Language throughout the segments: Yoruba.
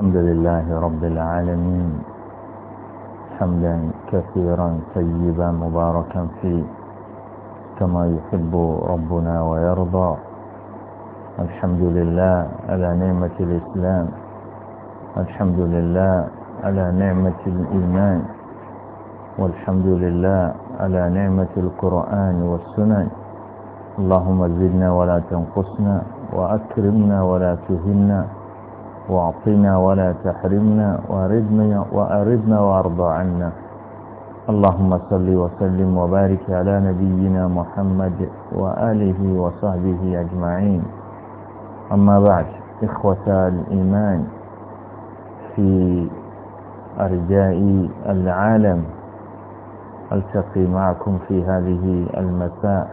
الحمد لله رب العالمين حمدا كثيرا طيبا مباركا فيه كما يحب ربنا ويرضى الحمد لله على نعمة الإسلام الحمد لله على نعمة الإيمان والحمد لله على نعمة القرآن والسنن اللهم زدنا ولا تنقصنا وأكرمنا ولا تهنا واعطنا ولا تحرمنا واردنا وأردنا وارض عنا اللهم صل وسلم وبارك على نبينا محمد وآله وصحبه أجمعين أما بعد إخوة الإيمان في أرجاء العالم ألتقي معكم في هذه المساء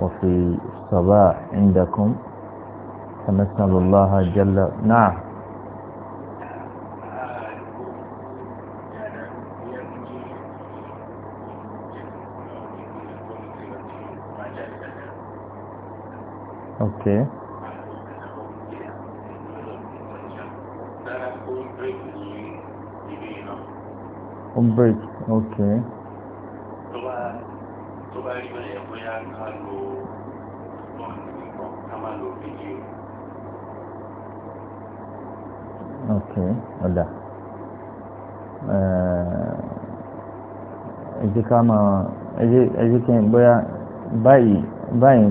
وفي الصباح عندكم فنسأل الله جل نعم اوكي بريك اوكي اوكي ولا ẹ jẹ́ كما máa ẹ jẹ́ kí باي باي báyìí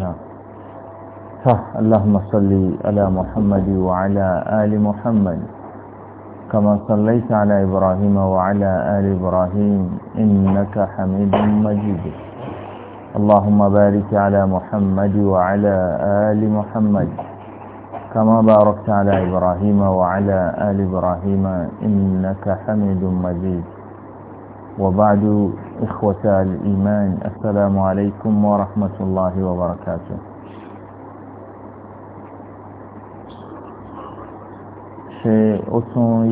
نعم ńkọ́. اللهم صل على محمد وعلى آل محمد كما صليت على إبراهيم وعلى آل إبراهيم إنك حميد مجيد اللهم بارك على محمد وعلى آل محمد كما باركت على إبراهيم وعلى آل إبراهيم إنك حميد مجيد وبعد إخوة الإيمان السلام عليكم ورحمة الله وبركاته شيء ó tún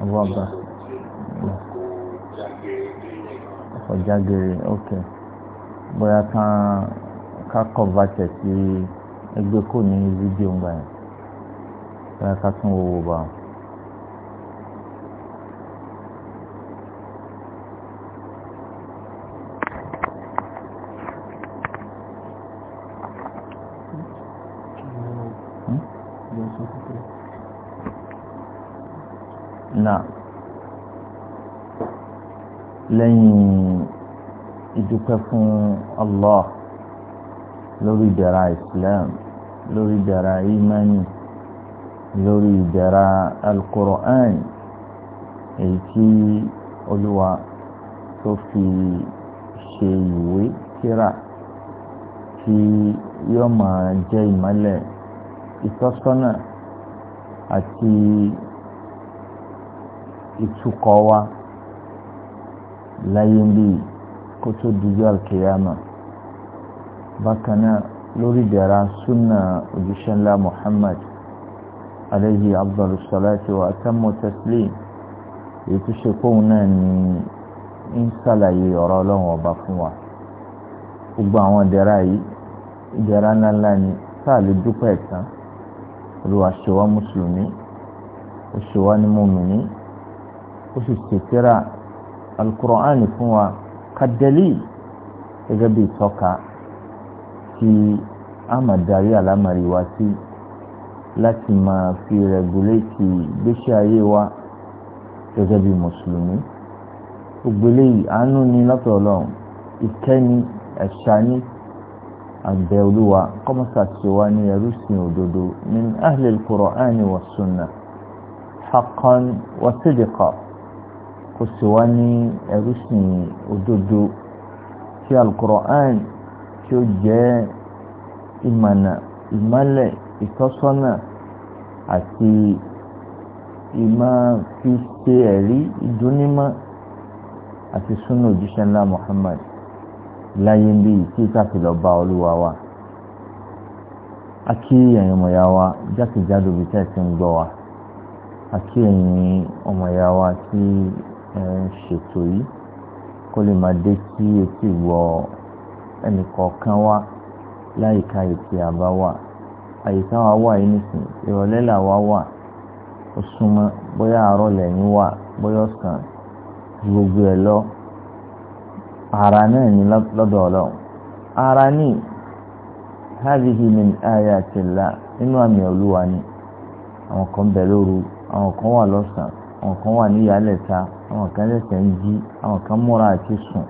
أبي الله ọ̀jágere ok bóyá kan ká kọ̀vàtẹ̀ sí ẹgbẹ́ kò ní fídíò ńgbà yẹn bóyá ká tún wò wò bá wọn. Hmm? Now lẹ́yìn ìdúpẹ́ fún Allah lórí ìdẹ̀ra Islam lórí ìdẹ̀ra imani lórí ìdẹ̀ra al-Qur'an èyí tí olúwa tó fi ṣe ìwé kíra tí yóò máa jẹ́ ìmọ́lẹ̀ ìtọ́sọ́nà àti ìtukọ̀ wa láyé ń bí kó tó dijọ́ alkiyama bákan náà lórí ìdára súnà òjíṣẹ́ ńlá Muhammad alayhi afdalu salati wa atammu taslim èyí tó ṣe kóun náà ní ń ṣàlàyé ọ̀rọ̀ ọlọ́run ọba fún wa gbogbo àwọn ìdára yìí ìdára ńláńlá ni sáà lè ẹ̀tàn olùwà ṣèwà mùsùlùmí ṣèwà ní mùmìnì ó sì ṣètìrà alukur'ani fún wa kadẹ́lì gẹ́gẹ́ bí ìtọ́ka tí a máa darí àlámàrí wa sí láti máa fi rẹ̀gúlétì gbésí ayé wa gẹ́gẹ́ bí mùsùlùmí gbogbo eléyìí àánú ni lọ́tọ̀ ọlọ́run ìkẹ́ni ẹ̀ṣání àgbẹ̀ olúwa kọ́mọ́sà ti wá ní ẹrúsìn òdodo min ahlil qur'ani wa sunna haqqan kó sì wá ní ẹrú sìn òdodo kí alukur'an kí ó jẹ́ ìmọ̀nà ìmọ̀lẹ̀ ìtọ́sọ́nà àti ìmọ̀ fi ṣe ẹ̀rí ìdúnímọ̀ àti súnà òjíṣẹ́ ńlá Muhammad láyé bí tí káfí lọ bá olúwa wa akí ẹ̀yin ọmọọ̀yá wa jákèjádò bí tẹ́ẹ̀ ti ń gbọ́ wa akí ẹ̀yin ọmọọ̀yá wa tí ṣètò yìí kó lè máa dé sí etí ìwọ ẹnì kọ̀ọ̀kan wa láyìíká ètí àbá wà àyíká wa wà yìí nìsín ìrọ̀lẹ́ là wa wà ó súnmọ́ bóyá àárọ̀ lẹ́yìn wà bóyá ọ̀sán gbogbo ẹ̀ lọ ara náà ní lọ́dọ̀ ọlọ́run ara ní hadhihi min ayatillah nínú àmì olúwa ni àwọn kan bẹ̀ lóru àwọn kan wà lọ́sàn àwọn kan wà ní ìyálẹ̀ta àwọn kan ṣẹ̀ṣẹ̀ ń jí àwọn kan múra àti sùn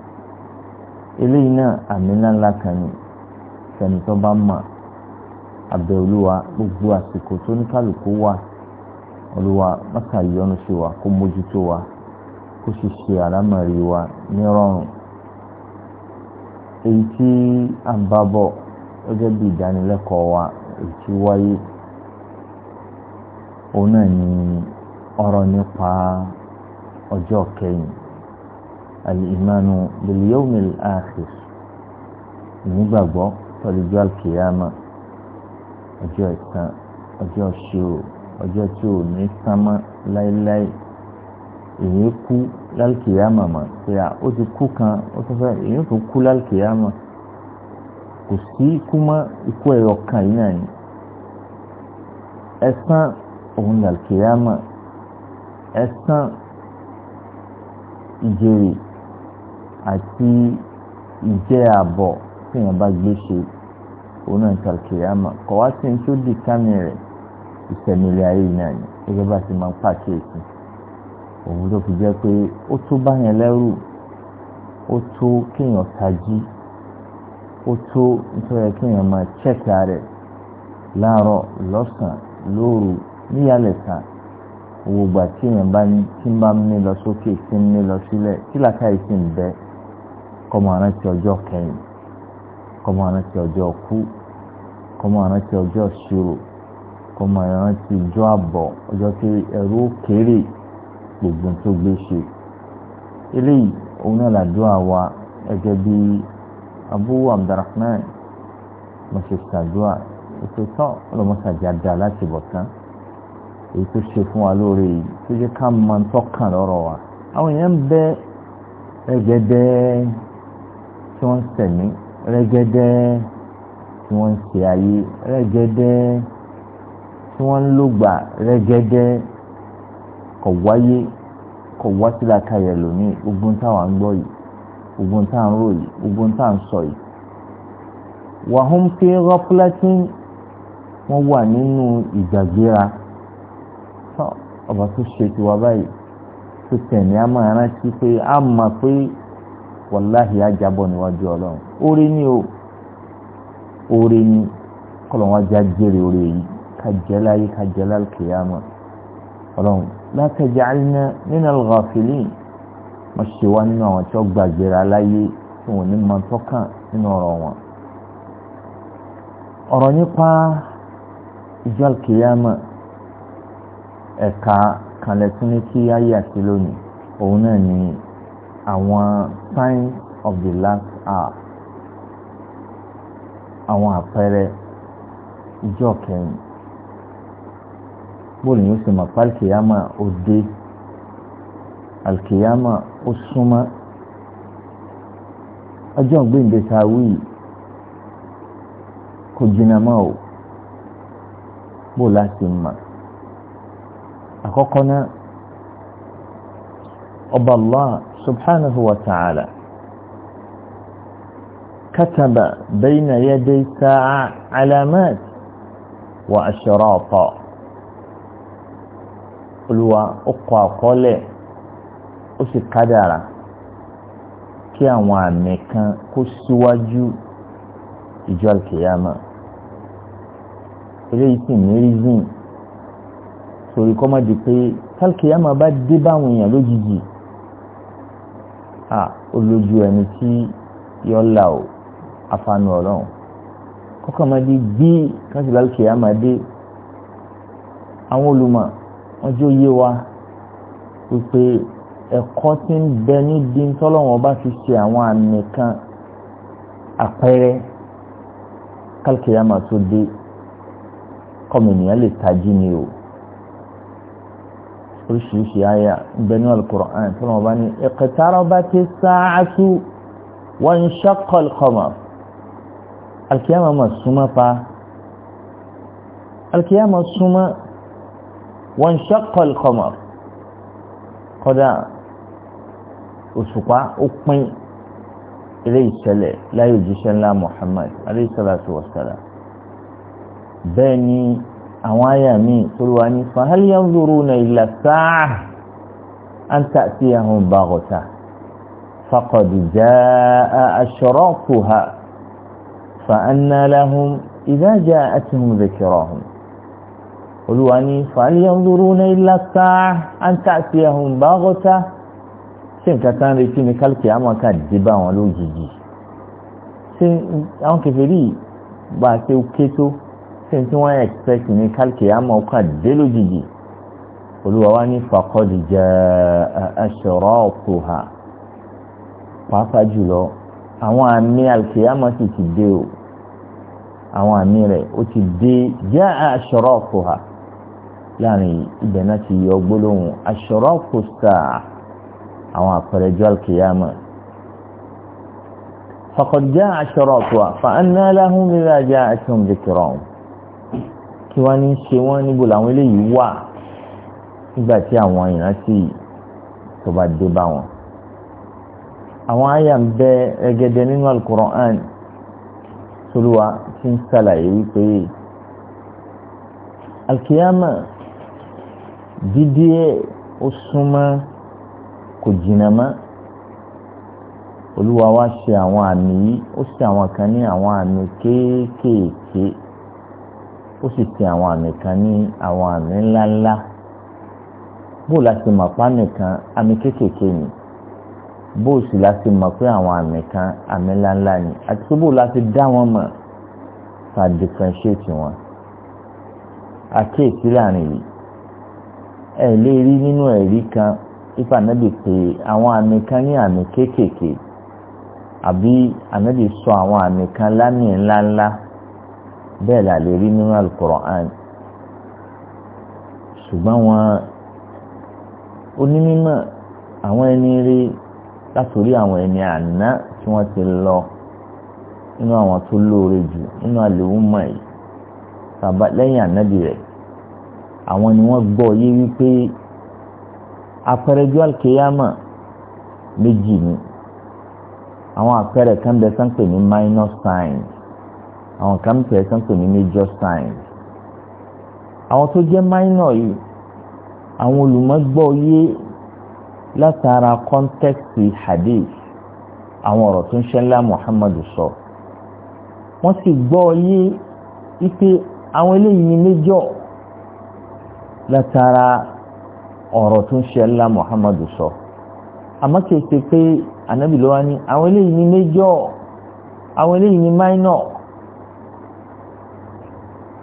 eléyìí náà àmì ńláńlá kan ni sẹ́ni tó bá mà abẹ́ olúwa gbogbo àsìkò tó ní kálukú wà olúwa mọ́tà yọ́nú sí wa kó mójútó wa kó sì ṣe àlámọ̀rí wa nírọ̀rùn èyí tí à ń bá bọ̀ gẹ́gẹ́ bí ìdánilẹ́kọ̀ọ́ wa èyí tí wáyé òun náà ni ọ̀rọ̀ nípa ọjọ́ kẹyìn alìmánu lèlíọ́mìl àkìs ìnígbàgbọ́ tọ́lẹ́jọ́ àlùkìyàmà ọjọ́ ẹ̀san ọjọ́ ṣòro ọjọ́ tí ò ní sánmọ́ láéláé èyí kú lálùkìyàmà mà pé à ó ti kú kan ó tún fẹ́ èyí tó kú lálùkìyàmà kò sí ikú mọ́ ikú ẹ̀yọ kan yìí náà ni ẹ̀san òun lálùkìyàmà ẹ̀san. ìjèrè àti ìjẹ́ àbọ̀ tí èèyàn bá gbé ṣe òun náà kàlùkìyàmà kọ̀ wá sí ní tó di kámi rẹ̀ ìsẹ̀mìlẹ̀ ayé náà ni gẹ́gẹ́ bá ti máa ń pàkíyèsí òun ló fi jẹ́ pé ó tó báyẹn lẹ́rù ó tó kéèyàn tají ó tó nítorí kéèyàn máa rẹ̀ láàárọ̀ owó gbà tí èèyàn bá ní tí ń bá ń mí lọ sókè tí ń mí lọ sílẹ̀ tí làkàyè sì ń bẹ kọ́mọ àrántí ọjọ́ kẹyìn kọ́mọ àrántí ọjọ́ kú kọ́mọ àrántí ọjọ́ ṣòro kọ́mọ àrántí ọjọ́ àbọ̀ ọjọ́ tí ẹrú kéré gbogbo tó gbé ṣe eléyìí òun náà làdúrà wa gẹ́gẹ́ bí Abu Abdurrahman mo ṣe ètò tán ọlọmọṣàjà dá láti bọ̀ tán. èyí tó ṣe fún wa lórí tó ṣe ká mọ tọ́kàn wa àwọn èèyàn ń bẹ rẹ́gẹ́dẹ́ tí wọ́n ń sẹ̀mí rẹ́gẹ́dẹ́ tí wọ́n ń ṣe ayé rẹ́gẹ́dẹ́ tí wọ́n ń lògbà rẹ́gẹ́dẹ́ kọ̀ wáyé kọ̀ wá sí làkàyẹ̀ lónìí gbogbo ń gbọ́ yìí gbogbo ń rò yìí gbogbo ń sọ yìí wàhùn rọ́pùlẹ́tì wọ́n wà nínú ọba tó ṣe tiwa báyìí tó tẹ̀mí a máa rántí pé a mọ̀ pé wàláhì ajábọ̀ níwájú ọlọ́run oore ni o oore ni kọlọ́wọ́n ajá jèrè oore yìí ká jẹ́ láyé ká jẹ́ lálùkìyàmọ̀ ọlọ́run la taj'alna min al-ghafilin ṣe wá nínú àwọn tí wọ́n gbàgbéra láyé tí wọ́n ní máa tọ́kàn nínú ọ̀rọ̀ wọn. ọ̀rọ̀ nípa ìjọ àlùkìyàmọ̀ ẹ̀ka kanlẹ̀tún kí ayé àti lónìí òun náà ni àwọn signs of the last hour àwọn àpẹẹrẹ ìjọ kẹyìn bóòlù yóò ṣe mọ̀ pé alkiyama ó dé alkiyama ó súnmọ́ ọjọ́ gbèǹde ta wíì kò jìnnà mọ́ ò bóòlù á ti mọ̀ àkọ́kọ́ náà ọba allah subhanahu wa ta'ala kataba bayna yaday sa'a alamat wa ashrata olùwà ó kọ àkọọ́lẹ̀ ó sì kádàrà kí àwọn àmì kan kó síwájú ìjọ alkiyama eléyìí sì ní rí sori kọ́ máa di pé kálkìyàmà bá dé báwọn èèyàn lójijì à olójú ẹni tí yọ́là o afanu ọlọ́run kọ́kọ́ máa di bí káṣí lálkìyàmà dé àwọn olùmọ̀ wọ́n jẹ́ òye wa wípé ẹ̀kọ́ tí ń bẹ níbi tọ́lọ́wọ́n bá fi ṣe àwọn àmì kan àpẹẹrẹ kálkìyàmà tó dé kọ́mìnìyàn lè tají ni o oríṣiríṣi àyà bẹnu alukur'an tí wọn bá ní iqtarabati sa'atu wa inshaqa al-qamar alkiyama ma súnmọ́ pa alkiyama súnmọ́ wa inshaqa al-qamar kódà òṣùpá ó pín ilé ìṣẹ̀lẹ̀ láyé òjíṣẹ́ ńlá Muhammad alayhi salatu wa salam bẹ́ẹ̀ ni àwọn àyà míì olùwà ní fahal yanzuruna illa sa'a an ta'tiyahum baghta faqad jaa'a ashratuha fa anna lahum idha ja'atuhum dhikrahum olùwà ní fahal yanzuruna illa sa'a an ta'tiyahum baghta ṣé nǹkan tán retí ni kálukì àmọ́ ká dé bá wọn lójijì ṣé àwọn kẹfẹ́ rí bá ṣe ké ṣe tí wọ́n expect ní kálkìyà mọ̀ ọ́ kàn dé lójijì olúwa wa ní fàkọ́dì jẹ́ aṣọ̀rọ̀ ọ̀pọ̀ ha pàápàá jùlọ àwọn àmì alkiyama sì ti dé o àwọn àmì rẹ̀ ó ti dé jẹ́ aṣọ̀rọ̀ ọ̀pọ̀ ha láàrin ibẹ̀ náà ti yọ gbólóhùn aṣọ̀rọ̀ ọ̀pọ̀ sáà àwọn àpẹẹrẹ jọ alkiyama fàkọ́dì jẹ́ aṣọ̀rọ̀ ọ̀pọ̀ ha fa anna lahum idha ja'atuhum dhikrahum kí wọ́n ní ṣe wọ́n níbo làwọn eléyìí wà nígbà tí àwọn ìrántí tó bá dé bá wọn. àwọn àyà ń bẹ ẹgẹdẹ nínú alukoran tolúwa ti ń ṣàlàyé wípé alkiyama dídí ó súnmọ́ kò jìnnà mọ́ olúwa wá ṣe àwọn àmì yìí ó ṣe àwọn kan ní àwọn àmì kéékèèké ó sì ti àwọn àmì kan ní àwọn àmì ńláńlá bó la ti mọ̀ pa àmì kan àmì kéékèèké ni bó sì la ti mọ̀ pé àwọn àmì kan àmì ńláńlá ni àti pé bó la ti dá wọn mọ̀ ká differentiate wọn àkéèsí láàrin yìí ẹ lè rí nínú ẹ̀rí kan ipa ànábì pé àwọn àmì kan ní àmì kéékèèké àbí ànábì sọ àwọn àmì kan lámì ńláńlá bẹ́ẹ̀ là lè rí nínú alukoran ṣùgbọ́n wọn onímọ̀ àwọn ẹni rí látòrí àwọn ẹni àná tí wọ́n ti lọ nínú àwọn tó lóore jù nínú àlèwúmọ̀ yìí tàbá lẹ́yìn ànábì rẹ̀ àwọn ni wọ́n gbọ́ yé wípé apẹrẹjọ alkeyama méjì ni àwọn apẹrẹ kan bẹ sáńpẹ ní minus sign àwọn kan ń tẹ̀ sọ́n pè ní major signs àwọn tó jẹ́ minor yìí àwọn olùmọ̀gbọ́ yé látara kọ́ńtẹ́kìtì hadith àwọn ọ̀rọ̀ tó ń ṣẹlá muhammadu sọ wọ́n sì gbọ́ yé wípé àwọn eléyìí ni major látara ọ̀rọ̀ tó ń ṣẹlá muhammadu sọ àmọ́ kìí ṣe pé ànábì ló wá àwọn eléyìí ni major àwọn eléyìí ni minor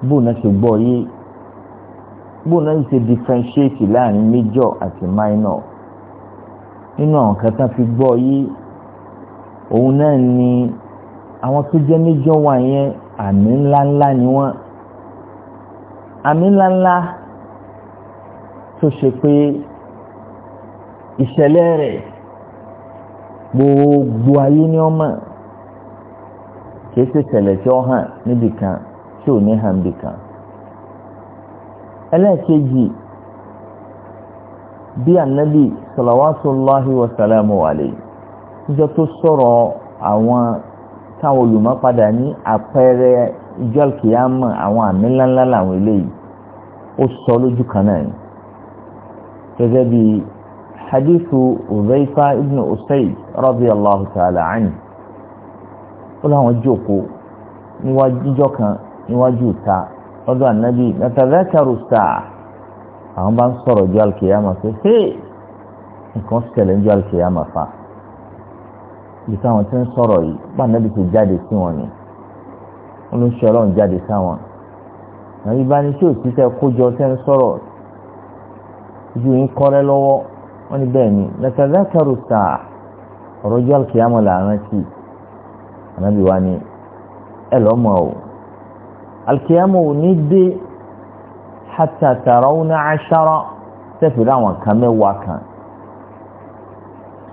bóòná ṣe gbọ́ yé bóòná yìí ṣe differentiate láàrin major àti minor nínú àwọn kan tán fi gbọ́ yé òun náà ni àwọn tó jẹ́ major wà yẹn àmì ńláńlá ni wọ́n àmì ńláńlá tó ṣe pé ìṣẹ̀lẹ̀ rẹ̀ gbogbo ayé ni ọmọ kìí ṣe ṣẹlẹ̀ tí ó hàn níbìkan tí ò ní hàǹbì kan ẹlẹ́ẹ̀kejì bí anabi sọlọ́wọ́sọláhi wasalamu alẹ́ ìjọ tó sọ̀rọ̀ àwọn táwọn olùmọ́padà ní àpẹẹrẹ ìjọ kìámọ̀ àwọn àmì ńláńlá làwọn eléyìí ó sọ lójú kan náà gẹ́gẹ́ bí hadithu uzaifa ibn usaid radiyallahu ta'ala anhu ó láwọn jókòó níwájú ìjọ kan níwájú ìta lọ́dọ̀ ànábì nàtàlẹ́kàrú sáà àwọn bá ń sọ̀rọ̀ ju alkiyama pé hé nǹkan ṣẹlẹ̀ ju alkiyama fa ìta àwọn tí ń sọ̀rọ̀ yìí bá ànábì ti jáde sí wọn ni wọn ló ń ṣe ọlọ́run jáde sáwọn àwọn ìbánisẹ́ òṣìṣẹ́ kójọ tẹ́ ń sọ̀rọ̀ ju yín kọ́rẹ́ lọ́wọ́ wọn ni bẹ́ẹ̀ ni nàtàlẹ́kàrú sáà ọ̀rọ̀ ju alkiyama là ń ànábì wa ni ẹ lọ́mọ o alikiyamu ní dé hata tarawuna aṣara tẹ́fì rí àwọn nǹkan mẹ́wàá kan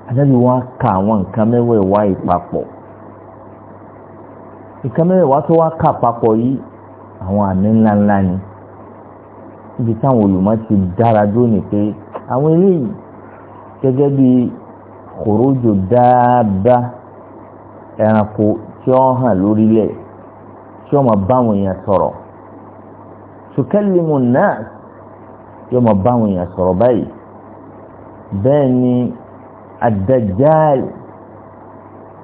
adájọ́ wọn ka àwọn nǹkan mẹ́wàá ìwá ìpapọ̀ nǹkan mẹ́wàá tó wá kà papọ̀ yìí àwọn àmì ńláńlá ni ibi táwọn olùmọ̀ ti dára dúró ni pé àwọn eléyìí gẹ́gẹ́ bí kòrójò dáadáa ẹranko tí ó hàn lórílẹ̀ tí wọ́n máa bá àwọn èèyàn sọ̀rọ̀ tukallimu nas yóò máa bá àwọn èèyàn sọ̀rọ̀ báyìí bẹ́ẹ̀ ni ad-dajjal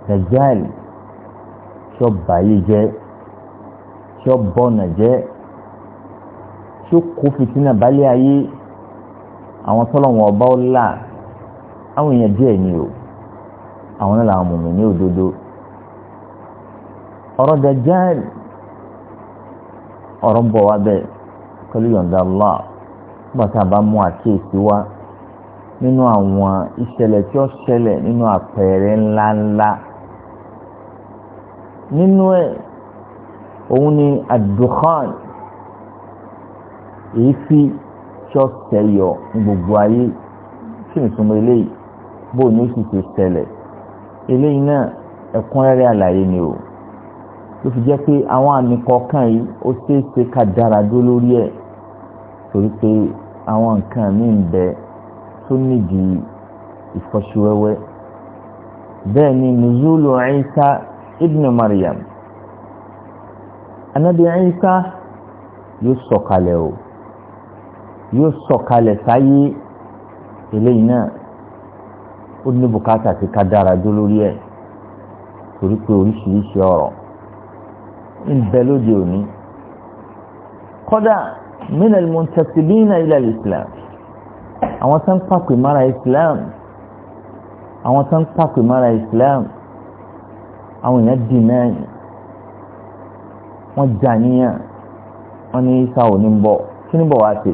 dajjal tí ó bàyè jẹ́ tí ó bọ̀nà jẹ́ tí ó kó fìtínà balẹ̀ ayé àwọn tọ́lọ̀wọ̀n ọba ọ̀la àwọn èèyàn díẹ̀ ni o àwọn náà làwọn mùmínì òdodo ọ̀rọ̀ dajjal ọ̀rọ̀ ń bọ̀ wá bẹ́ẹ̀ pẹ̀lú yọ̀ǹda Allah nígbà tá a bá mú àkíyèsí wá nínú àwọn ìṣẹ̀lẹ̀ tí ó ṣẹlẹ̀ nínú àpẹẹrẹ ńláńlá nínú ẹ̀ òun ni àdùkán èéfì tí ó ṣẹ̀yọ gbogbo ayé kí ni ìtumọ̀ eléyìí bó ní oṣù tó ṣẹlẹ̀ eléyìí náà ẹ̀kúnrẹ́rẹ́ àlàyé ni o. ló fi jẹ́ pé àwọn àmì kọ̀ọ̀kan yìí ó ṣeé ká dára dúró lórí ẹ̀ torí pé àwọn nǹkan míì ń bẹ tó nídìí ìfọ́síwẹ́wẹ́ bẹ́ẹ̀ ni nùzúlù Isa ibn Maryam anabi Isa yóò sọ̀kalẹ̀ o yóò sọ̀kalẹ̀ sáyé eléyìí náà ó ní bùkátà ti ká dára dúró lórí ẹ̀ torí pé oríṣiríṣi ọ̀rọ̀ ń bẹ lóde òní kódà min al-muntasibina ila islam àwọn tó pàpè mára islam àwọn tó pàpè mára islam àwọn èèyàn dì náà wọ́n jà níyàn wọ́n ní isa ò ní bọ̀ kí ni bọ̀ wá sí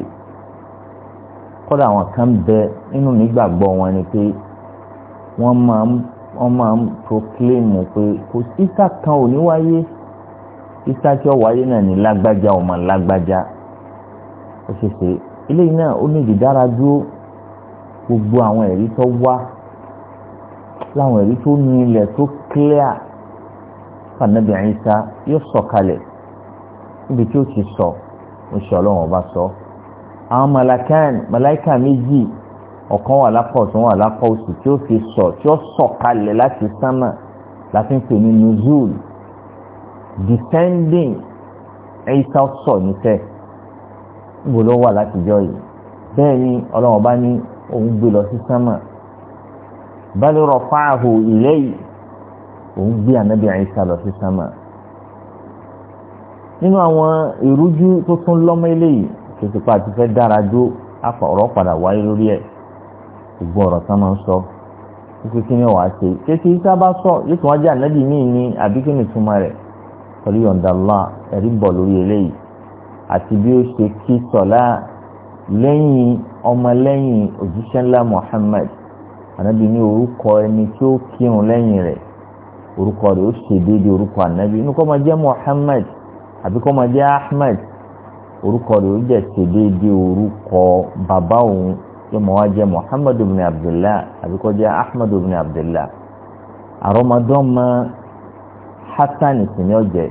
kódà àwọn kan bẹ nínú nígbàgbọ́ wọn ni pé wọ́n máa ń proclaim pé kò sí isa kan ò ní wáyé títà tí ó wáyé náà ní lágbájá ọmọ lágbájá ó ṣe ṣe eléyìí náà ó ní ìdára dúró gbogbo àwọn ẹ̀rí tó wá láwọn ẹ̀rí tó ní ilẹ̀ tó clear fànàbí àyíṣà yóò sọ̀kalẹ̀ níbi tí ó ti sọ oṣù ọlọ́run ọba sọ àwọn malakan malaika méjì ọ̀kan wà lápá ọ̀tún wà lápá òsì tí ó fi sọ tí ó sọ̀kalẹ̀ láti sánmà láti ń pè ní nuzul descending ẹ̀yíṣà sọ̀ níṣẹ́ níbo ló wà látijọ́ yìí bẹ́ẹ̀ ni ọlọ́run bá ní òun gbé lọ sí sánmà bal rafa'ahu ilayhi òun gbé ànábì Ìsá lọ sí sánmà nínú àwọn ìrújú tó tún lọ́mọ eléyìí kìsìpá ti fẹ́ dára dó ọ̀rọ̀ padà wáyé lórí ẹ̀ gbogbo ọ̀rọ̀ tán ń sọ kíkí kí ni wàá ṣe kéṣe Ìsá bá sọ yóò tún wá jẹ́ ànábì míì ní àbí kí ni túmọ̀ rẹ̀ pẹ̀lú yọ̀ǹda Allah ẹ̀rí bọ̀ lórí eléyìí àti bí ó ṣe kí sọ̀lá lẹ́yìn ọmọlẹ́yìn òjíṣẹ́ ńlá Muhammad ànábi ní orúkọ ẹni tí ó kírun lẹ́yìn rẹ̀ orúkọ rẹ̀ ó ṣe déédéé orúkọ ànábi inú kọ́ máa jẹ́ Muhammad àbí kọ́ máa jẹ́ Ahmed orúkọ rẹ̀ ó jẹ́ ṣe déédéé orúkọ bàbá òun yóò máa wá jẹ́ Muhammad ibn Abdullah àbí kọ́ jẹ́ Ahmed ibn Abdullah àrọ́mọdọ́mọ hasan ìsìn yóò jẹ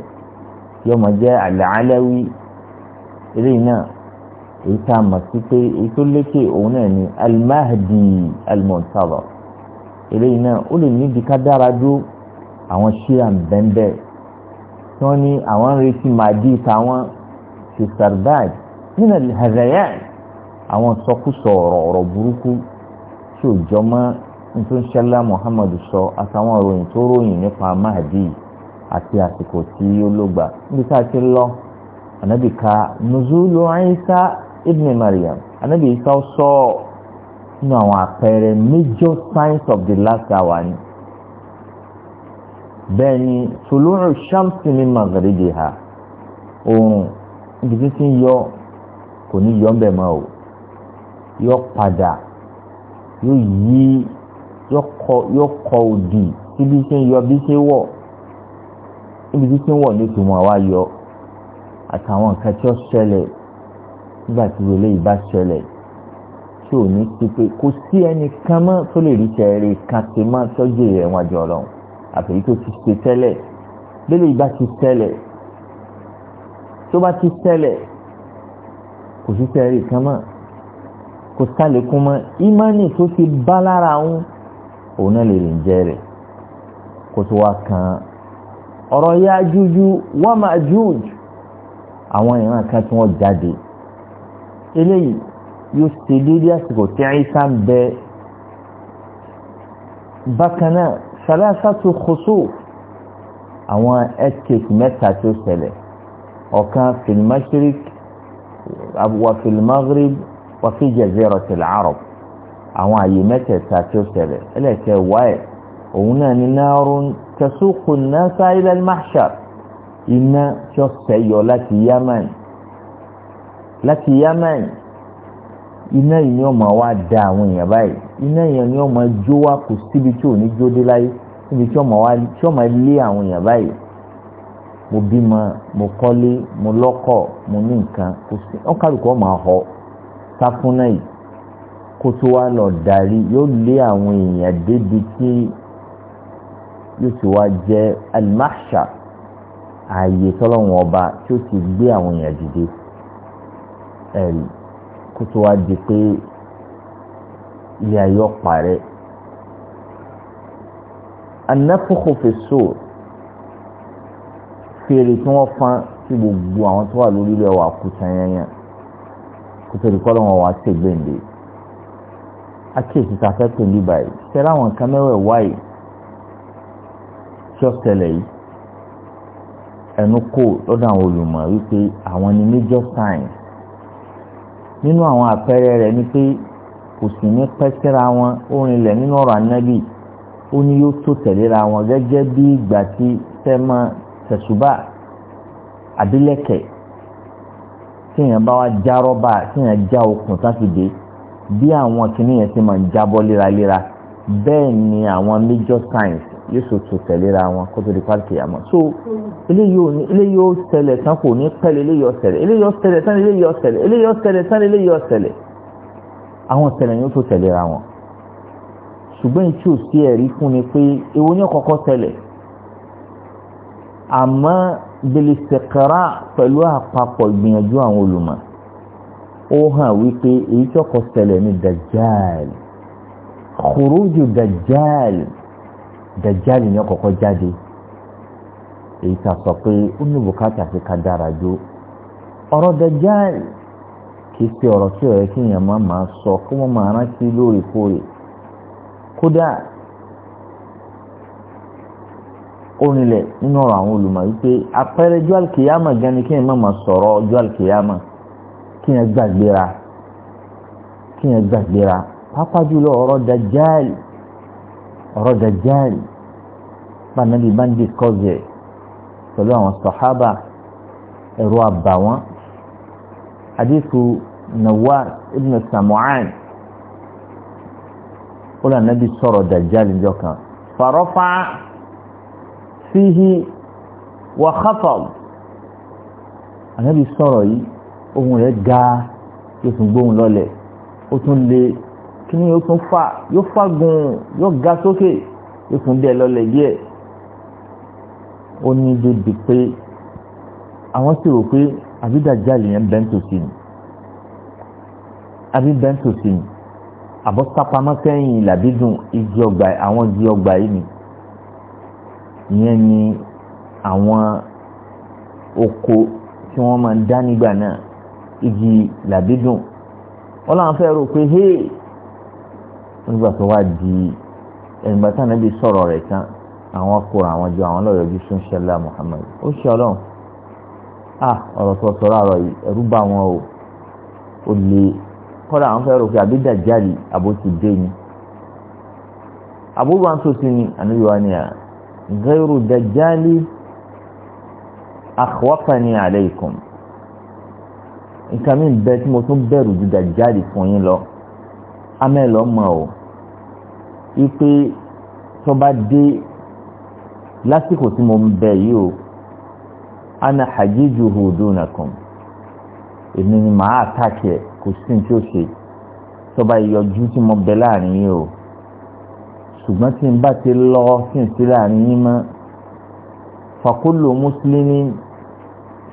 yóò mọ jẹ àlàálẹ́wí eléyìí náà èyí tá a mọ̀ sí pé èyí tó lékè òun náà ni alimahdi almuntazar eléyìí náà ó lè níbi ká dára dúró àwọn ṣíà bẹ́ńbẹ́ tí wọ́n ní àwọn ń retí màdí táwọn ṣe sarbad nínú hazayan àwọn sọkúsọ ọ̀rọ̀ ọ̀rọ̀ burúkú tí ò jọ mọ́ nítorí sẹ́lá muhammadu sọ àtàwọn òròyìn tó ròyìn nípa mahdi yìí àti àsìkò tí ó ló gbà níbi tá a ti lọ ànábì ka nùzúlù Isa ibn Maryam ànábì Isa sọ nínú àwọn àpẹẹrẹ major signs of the last hour ni bẹ́ẹ̀ ni tùlùrù shamsi min maghribiha oòrùn níbi tí ti ń yọ kò ní yọ ọ́nbẹ̀ mọ́ o yọ padà yóò yí yọ kọ òdì síbi tí ń yọ bí ṣe wọ̀ níbi títí wọ̀ ní ìtumọ̀ àwa yọ àtàwọn nǹkan tí ó ṣẹlẹ̀ nígbà tí wọlé yìí bá ṣẹlẹ̀ tí ò ní ti pé kò sí ẹnì kan mọ́ tó lè rí tẹ̀rẹ̀ kan ti máa tọ́jú rẹ̀ wọn jọ lọ àbẹ̀yí tó ti ṣe tẹ́lẹ̀ bẹ́lẹ̀ yìí bá ti ṣẹlẹ̀ tó bá ti ṣẹlẹ̀ kò sí tẹ̀rẹ̀ kan mọ́ kò sálẹ̀kùn mọ́ ìmánì tó ti bá lára òun òun náà lè rìn jẹ́ rẹ̀ kó tó wá kan ọ̀rọ̀ Yájújú wa Májúj àwọn ìran kan tí wọ́n jáde eléyìí yóò ṣe déédéé àsìkò tí Ìsá ń bẹ bákan náà salasatu khusuf àwọn etiketi mẹ́ta tó ṣẹlẹ̀ ọ̀kan fil mashriq wa fil maghrib wa fi jaziratil àwọn àyè mẹ́tẹ̀ẹ̀ta tó ṣẹlẹ̀ ẹlẹ́kẹ̀ẹ́ wáyé òun náà ní náírà tasuqu an-nasa ila al-mahshar iná tí ó sẹ́yọ láti Yaman láti Yaman iná yìí ni ó máa wá da àwọn èèyàn báyìí iná yẹn ni ó máa jó wá kò síbi tí ò ní jó dé láyé níbi tí ó máa wá tí ó máa lé àwọn èèyàn báyìí mo bímọ mo kọ́lé mo lọ́kọ̀ mo ní nǹkan kò sí ọ̀kadùkọ̀ máa họ sáfúnná yìí kó tó wá lọ darí yóò lé àwọn èèyàn débi tí yóò sì wá jẹ́ alimahsha ààyè tọ́lọ́wọ́n ọba tí ó ti gbé àwọn èèyàn dìde ẹ̀rí kó tó wá di pé ilé ayé ọ̀pá rẹ̀ anáfókò fèsò fèrè tí wọ́n fán sí gbogbo àwọn tó wà lórí ilẹ̀ wà kúta yẹnyẹn kó tó di kọ́lọ́wọ́n wá ṣègbèǹde akéèsì tá a fẹ́ pè ní àwọn nǹkan wáyìí tí ó ṣẹlẹ̀ yìí ẹnu kò lọ́dọ̀ àwọn olùmọ̀ wípé àwọn ni major signs nínú àwọn àpẹẹrẹ rẹ̀ ni pé kò sì ní pẹ́ síra wọn ó rinlẹ̀ nínú ọ̀rọ̀ anábì ó ní yóò tó tẹ̀léra wọn gẹ́gẹ́ bí ìgbà tí sẹ́mọ tẹ̀sùbà àdílẹ̀kẹ̀ tíyẹn bá wá já rọ́bà tíyẹn já okùn sáfìdé bí àwọn kìnìyẹn ti máa ń jábọ́ léraléra bẹ́ẹ̀ ni àwọn major signs yóò ṣòtò tẹ̀léra wọn kó tó di pàtàkì àmọ́ so eléyìí ó ṣẹlẹ̀ tán kò ní pẹ́lẹ̀ eléyìí ó ṣẹlẹ̀ eléyìí ó ṣẹlẹ̀ tán eléyìí ó ṣẹlẹ̀ eléyìí ó ṣẹlẹ̀ tán eléyìí ó ṣẹlẹ̀ àwọn ṣẹlẹ̀ yóò tó tẹ̀léra wọn ṣùgbọ́n ìtú sí ẹ̀rí fún ni pé èwo ní ọ̀kọ̀ọ̀kọ̀ ṣẹlẹ̀ àmọ́ bẹ̀lẹ̀ ṣẹ̀kẹ́rà pẹ̀lú àpapọ̀ ìgbìyànjú àwọn olùmọ̀ ó hàn wípé èyí tí ọkọ̀ ṣẹlẹ̀ ní dajjal khuruju dajjal dajali ní ọkọ̀kọ́ jáde èyí ta sọ pé ó ní bùkátà sí ká dára jó ọ̀rọ̀ dajali kìí ṣe ọ̀rọ̀ tí ọ̀rẹ́ kí èèyàn máa máa sọ kó wọ́n máa rántí lóòrèkóòrè kódà orinlẹ̀ nínú ọ̀rọ̀ àwọn olùmọ̀ wípé àpẹẹrẹ jọ́ àlùkìyàmà gan ni kí èèyàn máa máa sọ̀rọ̀ jọ́ àlùkìyàmà kí èèyàn gbàgbéra kí èèyàn gbàgbéra pápá jùlọ ọ̀rọ̀ dajali ọ̀rọ̀ dajjal pànàbí bá ń discọ́sì ẹ̀ pẹ̀lú àwọn sọ̀hábà ẹ̀rọ àbà wọn hadithu nawar ibn samu'an ó lànà nàbí sọ̀rọ̀ dajjal ìjọ kan farofa fihi wa khafad ànàbí sọ̀rọ̀ yìí ohun rẹ̀ ga yóò tún gbóhùn lọ́lẹ̀ ó tún lé kíní yóò tún fà yóò fà gùn yóò ga sókè yóò tún dẹ̀ lọlẹ̀ díẹ̀ ó ní débi pé àwọn sì rò pé àbídàjálì yẹn bẹ́ńtòsí ni àbí bẹ́ńtòsí ni àbọ̀ sápamọ́ sẹ́yìn làbídùn igi ọgbà àwọn igi ọgbà yìí ni ìyẹn ni àwọn oko tí wọ́n máa ń dá nígbà náà igi làbídùn wọ́n làwọn fẹ́ rò pé hey nígbà tó wá di ẹnìgbà tí ànábì sọ̀rọ̀ rẹ̀ tán àwọn kóra àwọn jọ àwọn lọ́yọ̀ ojú sún ṣẹlá Muhammad ó ṣe ọlọ́run à ọ̀rọ̀ tó sọ̀rọ̀ àrọ̀ yìí ẹ̀rú bá wọn o ò lè kọ́ra àwọn fẹ́ rò pé àbí dàjálì àbó ti dé ni àbúrò àwọn tó ti ní ànábì wa ni à gairu dàjálì akhwafani aleikum nǹkan mi bẹ tí mo tún bẹ̀rù ju dàjálì fún yín lọ amẹ́ o wípé tó bá dé lásìkò tí mo ń bẹ yìí o ana hajijuhu dunakum èmi ni màá àtàkì ẹ kò sí ní tí ó ṣe tó bá yọjú tí mo bẹ láàrin yìí o ṣùgbọ́n tí n bá ti lọ sí ìsí láàrin yìí mọ́ fakulu mùsùlùmí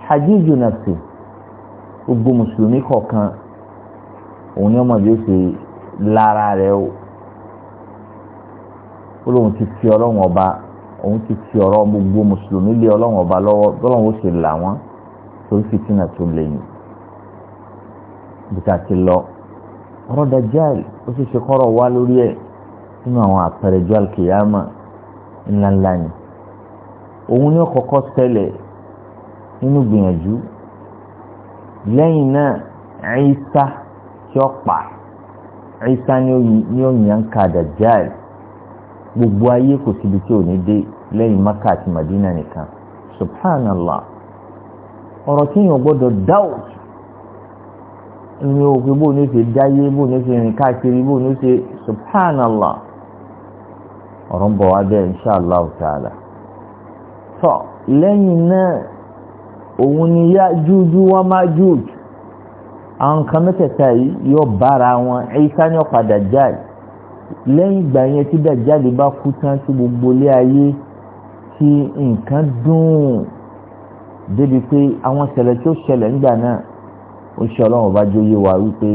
hajiju nafsi gbogbo mùsùlùmí kọ̀ọ̀kan òun ni ọmọ yóò ṣe lára rẹ o. ó ti fi ọlọ́run ọba òun ti fi ọ̀rọ̀ gbogbo mùsùlùmí lé ọlọ́run ọba lọ́wọ́ bọ́lọ́run ó sì là wọ́n torí fìtínà tó lẹ́yìn bùtà ti lọ ọ̀rọ̀ Dajjal ó sì ṣe kọ́rọ̀ wá lórí ẹ̀ nínú àwọn àpẹẹrẹjọ́ àlùkìyàmà ńláńlá ni òun ni ó kọ́kọ́ ṣẹlẹ̀ nínú gbìyànjú lẹ́yìn náà Ìsá tí ó pa ni ó gbogbo ayé kò síbi tí ò ní dé lẹ́yìn maka àti madina nìkan subhanallah ọ̀rọ̀ tí yàn gbọ́dọ̀ doubt ní òkè bó ní ṣe dáyé bó ní ṣe rìn káàkiri bó ní ṣe subhanallah ọ̀rọ̀ ń bọ̀ wá bẹ́ẹ̀ inṣàlá ta'ala tọ́ lẹ́yìn náà òun ni yá jújú wá máa àwọn kan mẹ́tẹ̀ẹ̀ta yìí yóò bára wọn ẹ̀yíká ọ̀padà jáì lẹ́yìn ìgbà yẹn tí dàjáde bá kú tán tí gbogbo ilé ayé tí nǹkan dùn débi pé àwọn ṣẹlẹ̀ tí ó ṣẹlẹ̀ nígbà náà ó ṣe ọlọ́run ọba jóyè wá wípé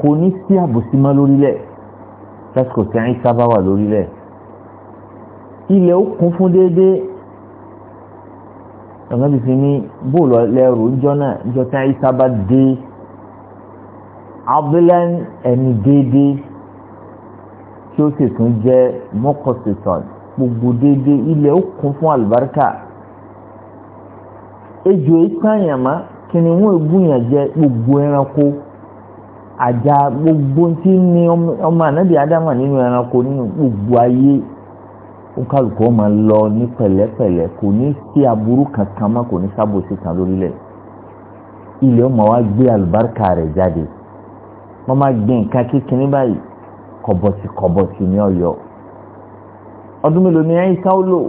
kò ní sí àbòsí mọ́ lórílẹ̀ lásìkò tí àyín sábà wà lórílẹ̀ ilẹ̀ ó kún fún déédéé ọ̀nà bìí fi ní bóòlù ẹlẹ́rù ńjọ́ náà ńjọ́ tí àyín sábà dé abdulan ẹni déédéé tí ó sì tún jẹ́ mọ́kọ̀sìtàn gbogbo déédéé ilẹ̀ ó kún fún àlùbáríkà ejò ìpànyàmá kìnìún ègbúyànjẹ gbogbo ẹranko àjà gbogbo tí ní ọmọ ànábì ádámà nínú ẹranko nínú gbogbo ayé nkálukú ọmọ lọ ní pẹ̀lẹ́pẹ̀lẹ́ kò ní sí aburú kankan mọ́ kò ní sábòsí kan lórílẹ̀ ilẹ̀ ọmọ wa gbé àlùbáríkà rẹ̀ jáde wọ́n máa gbé nǹkan kékeré báyìí kọ̀bọ̀sì kọ̀bọ̀sì ní ọ̀yọ́ ọdún mélòó ni ẹ̀yìnká ó lò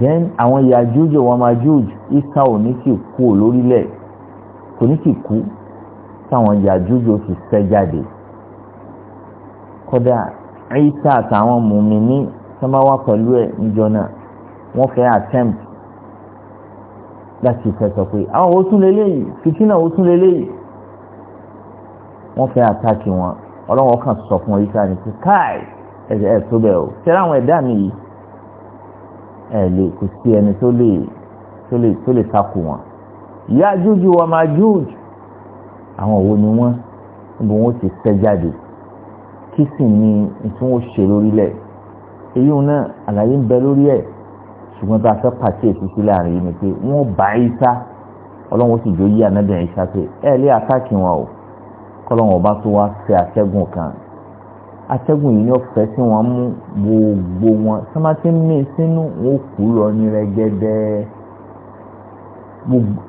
then àwọn Yàjújù wọn máa jújù ìsá ò ní sì kú lórílẹ̀ kò ní sì kú táwọn Yàjújù sì fẹ́ jáde kódà ìsá àtàwọn mùmíní sábàwá pẹ̀lú ẹ̀ níjọ náà wọ́n fẹ́ attempt láti fẹ́ sọ pé àwọn ó lélẹ́yìí fìtínà ó lélẹ́yìí wọ́n fẹ́ àtàkì wọn ọlọ́wọ́ kan sọ fún yíká ni pé káì ẹ̀jẹ̀ ẹ̀ tó bẹ̀ o ṣé láwọn ẹ̀dá mi yìí ẹ̀ lè kò sí ẹni tó lè tó lè tó lè takò wọn Yájújù wa Májújù àwọn òwò ni wọ́n níbo wọ́n ti fẹ́ jáde kí sì ni tí wọ́n ṣe lórílẹ̀ èyí wọn náà àlàyé ń bẹ lórí ẹ̀ ṣùgbọ́n tá a fẹ́ pàṣẹ ìfisí láàrin yìí ni pé wọ́n bá ìṣá ọlọ́wọ́n sì jó yí ànábìrin ìṣá pé ẹ̀ lé àtàkì wọn o kọ́lọ́wọ́n ọba tó wá fẹ́ atẹ́gùn kan atẹ́gùn yìí ni ọ̀fẹ́ tí wọ́n mú gbogbo wọn sọ́mátì mí sínú wọn kú lọ ní rẹ́gẹ́dẹ́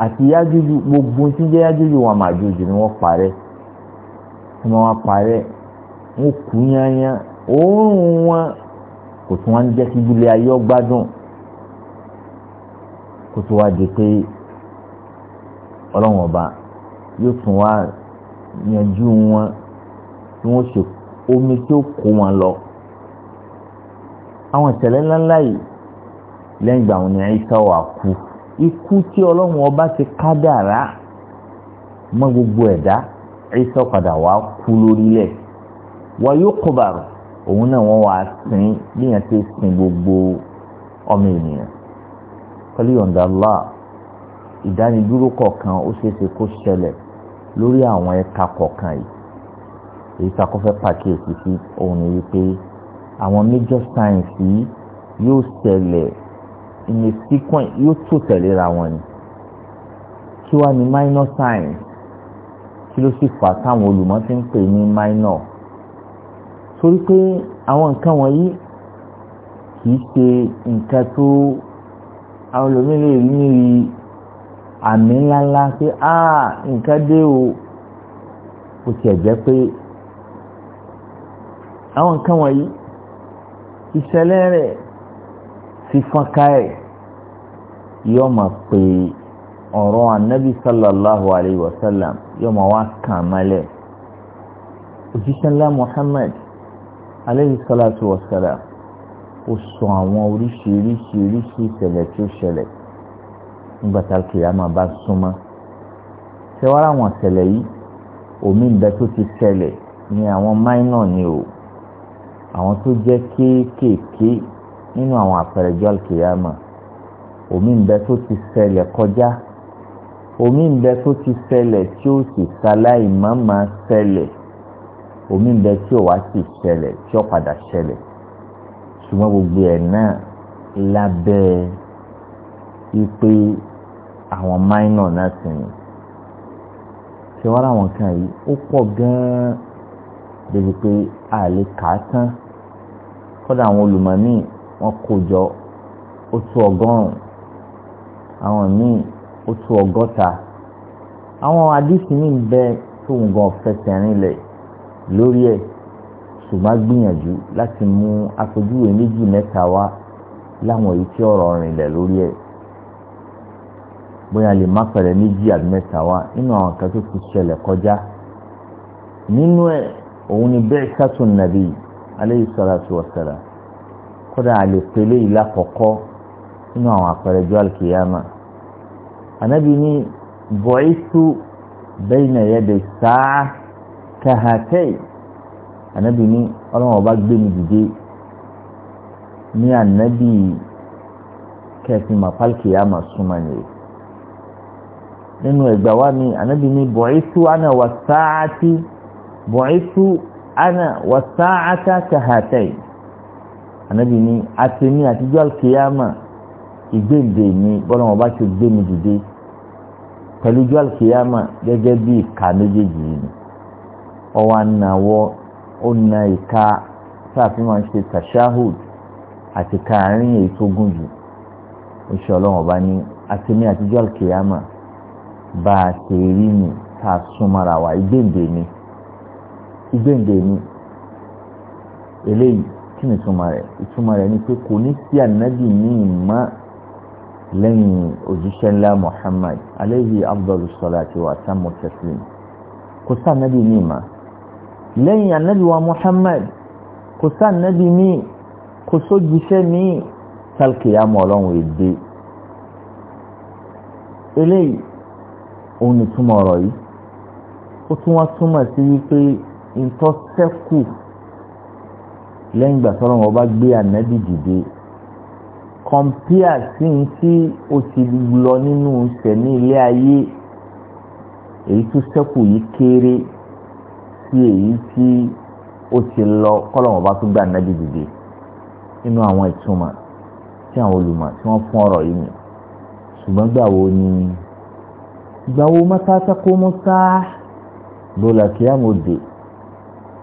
àti yájújú gbogbo tí jẹ́ yájújú wọn Májújú ni wọ́n parẹ́ tí wọ́n wá parẹ́ wọn kú yányán òórùn wọn kò tún wọn jẹ́ kí ilé ayé ọgbádùn kó tó wá di pé ọlọ́wọ́n ọba yóò tún wá yanjú wọn bí wọ́n ṣe omi tí ó kó wọn lọ. àwọn ìṣẹ̀lẹ̀ ńláńlá yìí lẹ́yìn ìgbà wọn ni àyíṣà wà kú ikú tí ọlọ́run ọba ti kádàrá mọ́ gbogbo ẹ̀dá àyíṣà padà wá kú lórílẹ̀ wọ́n yóò kọbàrọ̀ òun náà wọ́n wá sin bí yẹn ti sin gbogbo ọmọ ènìyàn pẹ̀lú yọ̀ǹda Allah ìdánidúró kọ̀ọ̀kan ó ṣeé kó ṣẹlẹ̀ lórí àwọn ẹ̀ka kọ̀ọ̀kan yìí èyí tá a kọ́ fẹ́ pàkíyèsí sí òun ni wípé àwọn major signs yìí yóò ṣẹlẹ̀ in a sequence yóò tó tẹ̀léra wọn ni kí wá ní minor signs kí ló sì fà táwọn olùmọ̀ fi ń pè ní minor torí pé àwọn nǹkan wọ̀nyí kì í ṣe nǹkan tó àwọn olùmọ̀ lè rí àmì ńláńlá pé a nǹkan dé o kò tiẹ̀ jẹ́ pé àwọn nǹkan wọ̀nyí ìṣẹ̀lẹ̀ rẹ̀ fífọ́nká ẹ̀ yóò máa pè ọ̀rọ̀ anabi sallallahu alayhi wa sallam yóò máa wá kàn mọ́lẹ̀ òjíṣẹ́ ńlá Muhammad alayhi salatu wa sallam ó sọ àwọn oríṣiríṣi oríṣi ìṣẹ̀lẹ̀ tó ṣẹlẹ̀ nígbà tá kìyàmà bá súnmọ́ ṣé wàá ràwọn ṣẹlẹ̀ yìí omi ń bẹ tó ti ṣẹlẹ̀ ni àwọn minor ni o àwọn tó jẹ́ kéékèèké nínú àwọn àpẹẹrẹjọ kìyàmà omi ń bẹ tó ti ṣẹlẹ̀ kọjá omi ń bẹ tó ti ṣẹlẹ̀ tí ó sì ṣaláì má máa ṣẹlẹ̀ omi ń tí ò wá sì ṣẹlẹ̀ tí ó padà ṣẹlẹ̀ ṣùgbọ́n gbogbo ẹ̀ náà lábẹ́ ipe àwọn minor náà sì ni ṣé wàá ràwọn kan yìí ó pọ̀ gan-an débi pé a lè kà á tán kódà àwọn olùmọ̀ míì wọ́n kó jọ ó tó ọgọ́rùn-ún àwọn míì ó tó ọgọ́ta àwọn àdìsí míì bẹ́ẹ̀ tó ń gan fẹsẹ̀ rinlẹ̀ lórí ẹ̀ ṣùgbọ́n gbìyànjú láti mú àpèjúwe méjì mẹ́ta wá láwọn èyí tí ọ̀rọ̀ rìnlẹ̀ lórí ẹ̀ bóyá lè má pẹ̀lẹ́ méjì àbí mẹ́ta wá nínú àwọn kan tó ti ṣẹlẹ̀ kọjá nínú ẹ̀ òun ni bẹ́ẹ̀ sátún nàbí alayhi salatu wassalam kódà àlè pélé ìlà kọ̀kọ́ nínú àwọn àpẹẹrẹ jọ àlùkìyàmà ànábì ní bọ̀ìsù bayna yaday sáà kàhátẹ́ì ànábì ní ọlọ́run ọba gbé mi dìde ní ànábì kẹsìmọ̀ pálkìyàmà súnmọ́ nìyẹn nínú ẹgbà wa mi anabi ni bu'ithu ana wà sáàtì bu'ithu ana wà sáàtà kàhátẹ́yì anabi ni àtẹ̀mí àtijọ́ alkiyama ìgbéǹde mi bọ́lá wọn bá ti gbé mi dìde pẹ̀lú ijọ́ alkiyama gẹ́gẹ́ bí ìka méjèèjì yìí ọwọ́ anáwọ́ ó na ìka sáàfin máa ń ṣe tashahud àti kàárín èyí tó gùn jù oṣù ọlọ́wọ́n bá ní àtẹ̀mí àtijọ́ alkiyama bá a ṣe rí ni ká súnmọ́ra wa ìgbéǹde ni ìgbéǹde ni eléyìí kí ni ìtumọ̀ rẹ̀ ìtumọ̀ rẹ̀ ni pé kò ní sí ànábì míì mọ́ lẹ́yìn òjíṣẹ́ ńlá Muhammad aleyhi abdul salati wa tamu taslim kò sí ànábì míì mọ́ lẹ́yìn ànábì wa Muhammad kò sí ànábì míì kò sójíṣẹ́ míì sálkìyàmọ̀ ọlọ́run èdè eléyìí òun ni túmọ̀ ọ̀rọ̀ yìí ó tún wá túmọ̀ sí wípé ntọ́ sẹ́kù lẹ́yìn ìgbà tọ́lọ́ wọn bá gbé ànábì dìde kọ̀mpíà sí ní tí ó ti lọ nínú sẹ̀mí ilé ayé èyí tó sẹ́kù yìí kéré sí èyí tí ó ti lọ kọ́lọ̀ wọn bá tún gbé ànábì dìde nínú àwọn ìtumọ̀ tí àwọn olùmọ̀ tí wọ́n fún ọ̀rọ̀ yìí ni ṣùgbọ́n gbà wo ni ìgbàwo mọ́tá sẹ́kó mọ́tá bọ́lá kíámù òde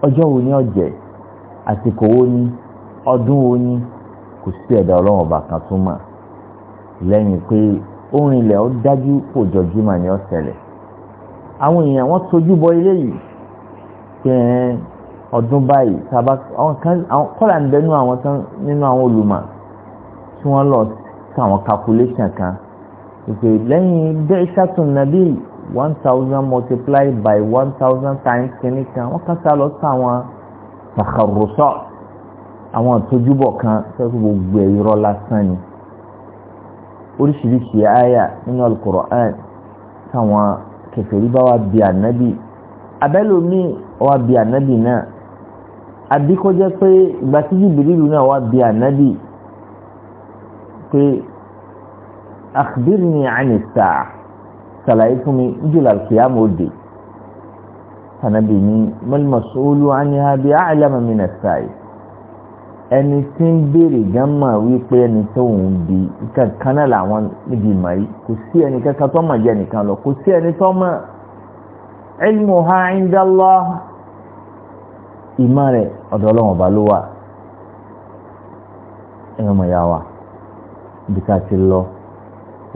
ọjọ́ wo ni ọ̀jẹ̀ àsìkò wo ni ọdún wo ni kò sí ẹ̀dá ọlọ́run ọba kan tó mà lẹ́yìn pé orin ilẹ̀ ó dájú kò jọjú mà ní ọ̀sẹ̀lẹ̀ àwọn èèyàn wọ́n tójú bọ ilé yìí pé ọdún báyìí sábà kọ́là ń bẹnu nínú àwọn olùmọ̀ tí wọ́n lọ sí àwọn calculation kan ìpè lẹ́yìn bẹ́ẹ̀sàtún nàbí one thousand multiplied by one thousand times kìíní kan wọ́n kàn sá lọ sí àwọn fàkàrọ̀sọ̀ àwọn àtọ́júbọ̀ kan sẹ́kù gbogbo ẹ̀ irọ́ lásán ni oríṣiríṣi àyà nínú alukur'an táwọn kẹfẹ́rí bá wà bí ànábì abẹ́lómi wà bí ànábì náà àbíkọ́jẹ́ pé ìgbà tí jìbìrìlù náà wà bí ànábì pé akhbirni ani saa ṣàlàyé fún mi jùlọ kìyàmù òde sanabi ni malmasolu aniha bi alama mina saa ẹni tí ń béèrè gánmà wípé ẹni tó ń bi kankan náà làwọn níbi ìmọ̀ yìí kò sí ẹni kankan tó mọ̀ jẹ́ nìkan lọ kò sí ẹni tó mọ̀ ilmuha inda Allah ìmọ̀ rẹ̀ ọ̀dọ̀ ọlọ́run ọba ló wà ẹ̀yọ́mọ̀ yà wà bí ká ti lọ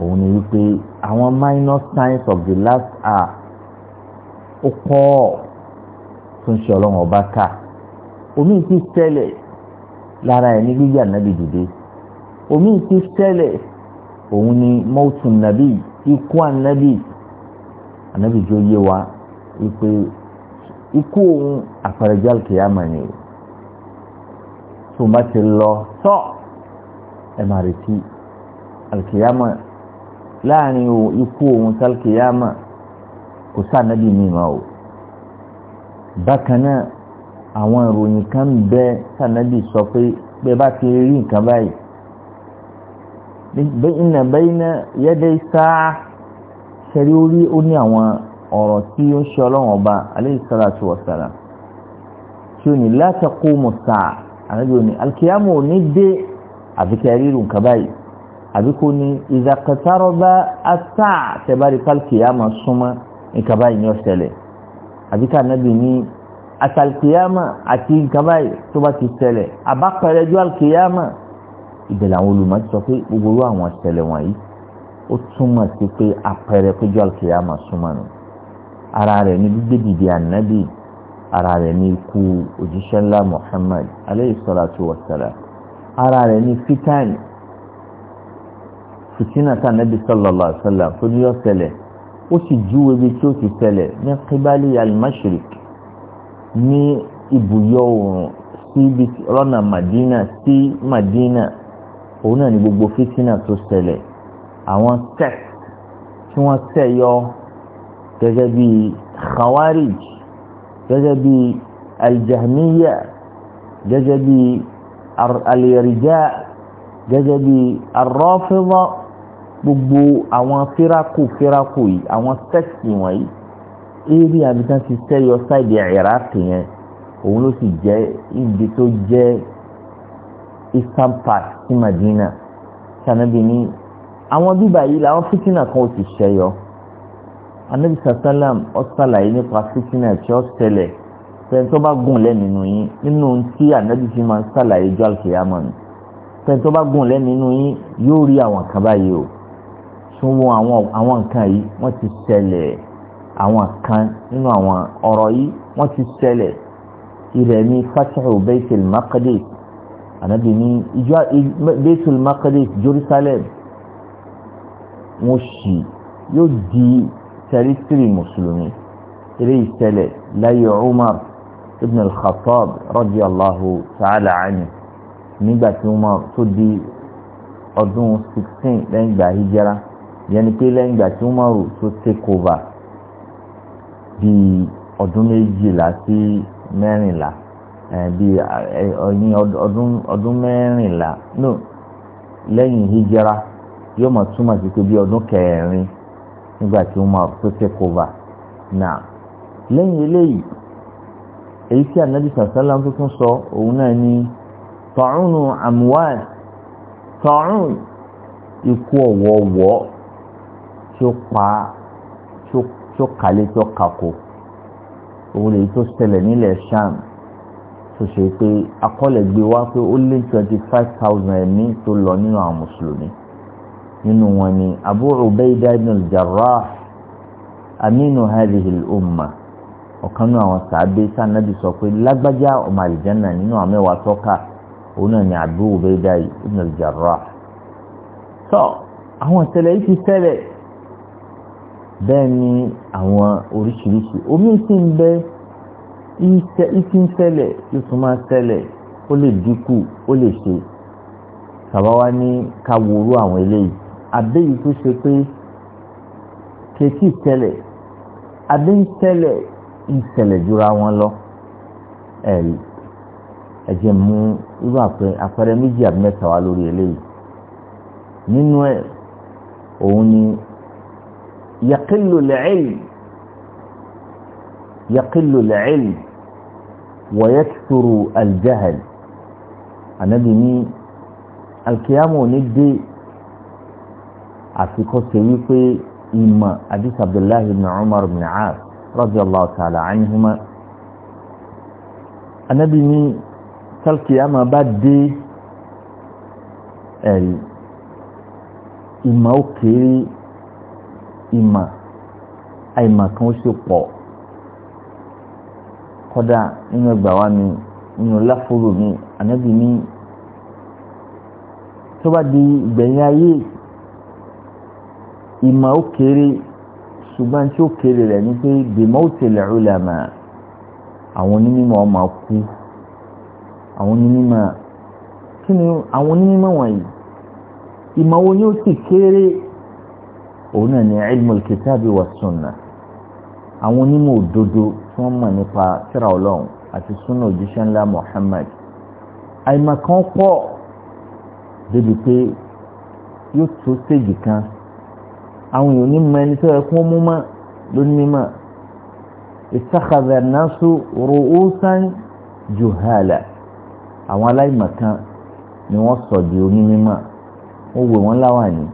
òun ni wípé àwọn minor signs of the last hour ó pọ̀ tún ṣe ọlọ́run ọba ká omi ti ṣẹlẹ̀ lára ẹ̀ ní gbígbé ànábì dìde omi ti ṣẹlẹ̀ òun ni mọ́tò nàbí ikú ànábì ànábì jó yé wa wípé ikú òun àfàrẹ̀já kìámà ni o tó bá ti lọ tọ́ ẹ̀ máa retí àlùkìyámà láàrin ikú òun sálkìyàmà kò sáànàbì mímọ́ o bákan náà àwọn ìròyìn kan bẹ sáànàbì sọ pé pé bá ti rí nǹkan báyìí bẹ́ẹ̀nà bẹ́ẹ̀nà yẹ́dẹ́ sáà ṣẹ̀rí orí ó ní àwọn ọ̀rọ̀ tí ó ń ṣe ọlọ́run ọba alayhi salatu wa salam tí ó ní la taqumu sáà ànábì ní alkìyàmù ò ní dé àfikẹ́ rírun nǹkan báyìí àbí kò ní ìzàkàtàrọ̀bá ata tẹ̀bárí kálkìyàmà súnmọ́ nǹkan báyìí ní ọ̀sẹ̀lẹ̀ àbí ká nàbì ní àtàlkìyàmà àti nǹkan báyìí tó bá ti ṣẹlẹ̀ àbápẹ̀rẹ̀jọ́ àlkìyàmà ìbẹ̀lẹ̀ àwọn olùmọ̀ ti sọ pé gbogbo àwọn ọ̀sẹ̀lẹ̀ wọ̀nyí ó túmọ̀ sí pé àpẹẹrẹ péjọ àlkìyàmà súnmọ́ nù ara rẹ̀ ní gbígbé dìde ànábì ara rẹ̀ ní ikú òjíṣẹ́ ńlá Muhammad alayhi salatu wa salam fìtínà tá nàbí sallallahu alaihi wasallam tó ní yóò ṣẹlẹ̀ ó sì júwe bí tí ó ti ṣẹlẹ̀ ní kíbálì al-mashriq ní ibùyọ oòrùn sí ibi rọ́nà madina sí madina òun náà ni gbogbo fìtínà tó ṣẹlẹ̀ àwọn sect tí wọ́n ṣẹ̀yọ gẹ́gẹ́ bí khawarij gẹ́gẹ́ bí aljahmiya gẹ́gẹ́ bí alirija gẹ́gẹ́ bí arrafida gbogbo àwọn fíráàkù fíráàkù yìí àwọn sẹ́ẹ̀sì wọ̀nyí eré abidjan ti sẹ́yọ sáìdì ìráàkì yẹn òun ló sì jẹ́ ibi tó jẹ́ eastern part sí Madina sanabi ní àwọn bíbà yìí làwọn fitina kan ó ti sẹ́yọ anabi sasalam ọsàlàyé nípa fitina tí ó ṣẹlẹ̀ fẹ́ntọ́ bá gùn lẹ́nu yín nínú tí anabi fi máa ń ṣàlàyé jọ́ àlùkìyàmọ̀ ni fẹ́ntọ́ bá gùn lẹ́nu yín yóò rí àwọn kan o súnmọ́ àwọn nǹkan yìí wọ́n ti ṣẹlẹ̀ àwọn kan nínú àwọn ọ̀rọ̀ yìí wọ́n ti ṣẹlẹ̀ ìrẹ̀ ní fatihu baitul maqdis ànábì ní ìjọ baitul maqdis jerusalem wọ́n ṣì yóò di tẹrítírì mùsùlùmí eré ìṣẹlẹ̀ láyé umar ibn al-khattab radiyallahu ta'ala anhu nígbà tí umar tó di ọdún sixteen lẹ́yìn ìgbà hijira yẹn ni pé lẹ́yìn ìgbà tí umaru tó take over bíi ọdún méjìlá sí mẹ́rìnlá bíi ọyìn ọdún ọdún mẹ́rìnlá no lẹ́yìn hijira yóò mọ̀ túmọ̀ sí pé bíi ọdún kẹrin nígbà tí umaru tó take over náà lẹ́yìn eléyìí èyí tí anabi sàlám tuntun sọ òun náà ni tọ̀rùn àmúwáàd tọ̀rùn ikú ọ̀wọ̀ọ̀wọ̀ tí ó pa tí ó kálé tí ó kakò òun lèyí tó ṣẹlẹ̀ nílẹ̀ sham tó ṣe pé akọ́lẹ̀ gbé wá pé ó lé twenty five thousand ẹ̀mí tó lọ nínú àwọn mùsùlùmí nínú wọn ni Abu Ubaida ibn al-Jarrah aminu hadhihi umma ọ̀kan nínú àwọn sàábé sànàbì sọ pé lágbájá ọmọ àlìjánà nínú àwọn mẹ́wàá tọ́ka òun náà ni Abu Ubaida ibn jarrah sọ àwọn ìṣẹ̀lẹ̀ yìí ti ṣẹlẹ̀ bẹ́ẹ̀ ni àwọn oríṣiríṣi omi sì ń bẹ ìsí ń ṣẹlẹ̀ ló tún máa ṣẹlẹ̀ ó lè dínkù ó lè ṣe tàbá wá ní ká worú àwọn eléyìí àbẹ́yìí tó ṣe pé kẹtí ṣẹlẹ̀ àbẹ́ ń ṣẹlẹ̀ ń ṣẹlẹ̀ jura wọn lọ ẹ̀jẹ̀ mú irú àpẹẹrẹ méjì àbí mẹ́ta wá lórí eléyìí nínú ẹ̀ òun ni يقل العلم يقل العلم ويكثر الجهل anabi ní alkiyamu ò ní dé àsìkò ṣe wípé ìmọ̀ adis abdullahi ibn umar ibn aas radiyallahu ta'ala anhuma anabi ní talkiyama bá dé ẹ̀rí ìmọ̀ ó kéré ìmọ̀ àìmọ̀ kan ó sì pọ̀ kódà nínú ẹgbà wa mi nínú láfóró mi ànábì mi tó bá di ìgbẹ̀yìn ayé ìmọ̀ ó kéré ṣùgbọ́n tí ó kéré rẹ̀ ni pé bímọ ó tẹ̀lé ulama àwọn onímọ̀ ọmọ kú àwọn onímọ̀ kí ni àwọn onímọ̀ wọ̀nyí ìmọ̀ wo ni ó sì kéré òun náà ni ilmul kitabi wa sunna àwọn onímọ̀ òdodo tí wọ́n mọ̀ nípa tírà ọlọ́run àti sunna òjíṣẹ́ ńlá Muhammad àìmọ̀ kan pọ̀ débi pé yóò tó séjì kan àwọn èèyàn onímọ̀ ẹni tó yẹ kó mú mọ́ lónìí mọ́ ittakhadha an-nasu juhala àwọn aláìmọ̀ kan ni wọ́n sọ di onímọ̀ wọ́n wò wọ́n láwàní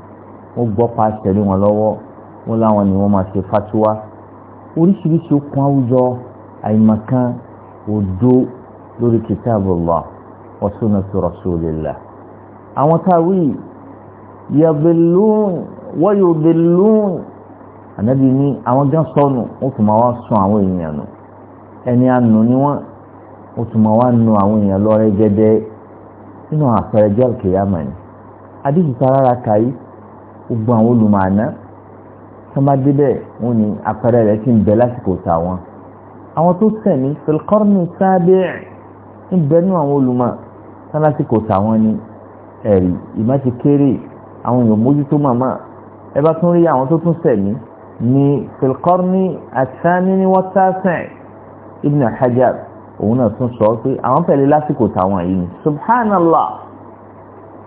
wọ́n gbọ́ pàṣẹ lé wọn lọ́wọ́ wọ́n láwọn ni wọ́n máa ṣe fatuwa oríṣiríṣi okùn àwùjọ àìmọ̀kan òdo lórí kitabullah wa sunnati rasulillah àwọn táwí yabelun wayobelun ànábi ní àwọn gán sọnù wọ́n tún máa wá sun àwọn èèyàn nù ẹni àánú ni wọ́n wọ́n tún máa wá nu àwọn èèyàn lọ́rẹ́ gẹ́gẹ́ nínú àpẹẹrẹ jẹ́ òkè yàmà ni rárá kàyí gbogbo àwọn olùmọ̀ọ́nà tó bá débẹ̀ wọn ni àpẹẹrẹ rẹ̀ ti ń bẹ lásìkò tàwọn àwọn tó sẹ̀mí fìlkọ́rùnù sábẹ́ ń bẹnu àwọn olùmọ̀ tó lásìkò tàwọn ni ẹ̀rí ìmọ̀ ti kéré àwọn èèyàn mójútó màmá ẹ bá tún rí àwọn tó tún sẹ̀mí ní fìlkọ́rùnù àtàmínì wọ́n tàṣẹ̀ Ibn Hajar òun náà tún sọ pé àwọn pẹ̀lú lásìkò tàwọn yìí subhanallah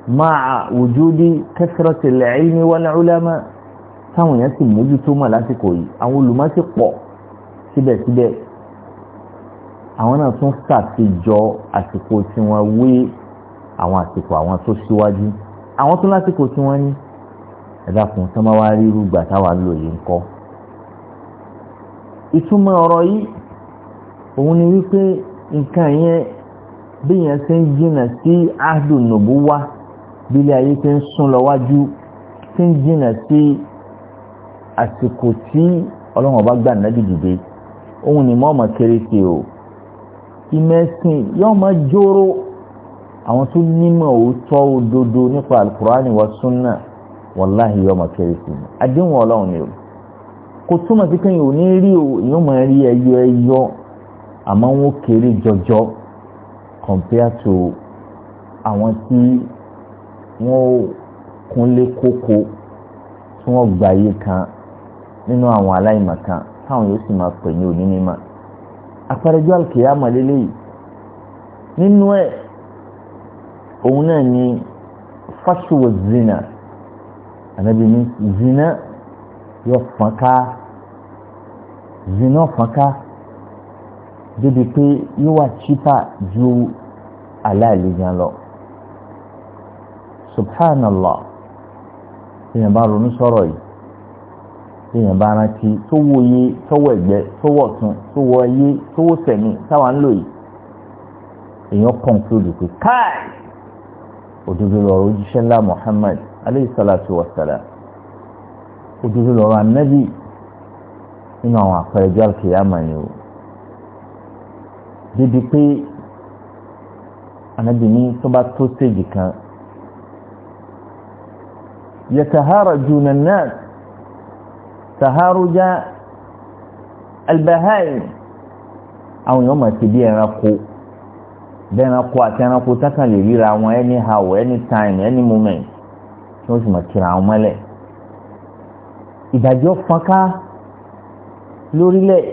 máa wujudi kẹsìrọ̀tì lẹ́yìn wọlé ọlẹ́mọ́ táwọn èèyàn sì mójútó mọ̀ lásìkò yìí àwọn olùmọ̀ sì pọ̀ síbẹ̀síbẹ̀ àwọn náà tún ṣàtijọ́ àsìkò tí wọ́n wé àwọn àsìkò àwọn tó síwájú àwọn tún lásìkò tí wọ́n ní ẹ̀dá fún tán máa wá rí irúgbà táwa ń lò yìí ń kọ́. ìtumọ̀ ọ̀rọ̀ yìí òun ni wípé nǹkan yẹn bí yẹn ṣe ń jìnnà sí ahdùn nùbú wá bílẹ̀ ayé ti ń sún lọ wájú ti ń jìnà sí àsìkò tí ọlọ́run ọba gbà náà dìde òun ni mọ́ọ̀mọ́ kéré sí o ìmẹ̀sìn yóò máa jóró àwọn tó nímọ̀ òótọ́ òdodo nípa alukur'ani wa sunna wàláhì yóò máa kéré sí i àdéhùn ọlọ́run ni o kò túmọ̀ sí kéèyàn ò ní rí o yóò máa rí ẹyọ ẹyọ àmọ́ wọn kéré jọjọ compare to àwọn tí wọ́n ó kúnlé kókó tí wọ́n gba ayé kan nínú àwọn aláìmọ̀kan táwọn yóò sì máa pè ní onímọ̀ àpẹẹrẹjọ́ àlùkìyàmọ̀ lélẹ́yìí nínú ẹ̀ òun náà ni fásitì zina ànábi ní zina yọ fọ́nká zina fọ́nká débi pé yóò wà chípà ju aláìlú gan lọ subhanallah èèyàn bá ronú sọ̀rọ̀ yìí èèyàn bá rántí tó wo iye tó wọ ẹ̀gbẹ́ tó wọ ọ̀tún tó wọ ayé sẹ̀mí táwa ń lò yìí èèyàn kọ̀ǹkúlù pé káì òdodo lọ̀rọ̀ ojúṣe ńlá Muhammad aleyhi salatu wa salam òdodo lọ̀rọ̀ anabi nínú àwọn àpẹẹrẹ alkiyama ni o débi pé anabi ní tó bá tó séèjì kan يتهارجون الناس تهارج البهائم àwọn èèyàn máa ti bí ẹranko bẹ́ẹ̀ ẹranko àti ẹranko tákàn lè ríra wọn anyhow anytime any moment tí wọ́n sì máa kíra wọn mọ́lẹ̀ ìdájọ́ fọ́nká lórílẹ̀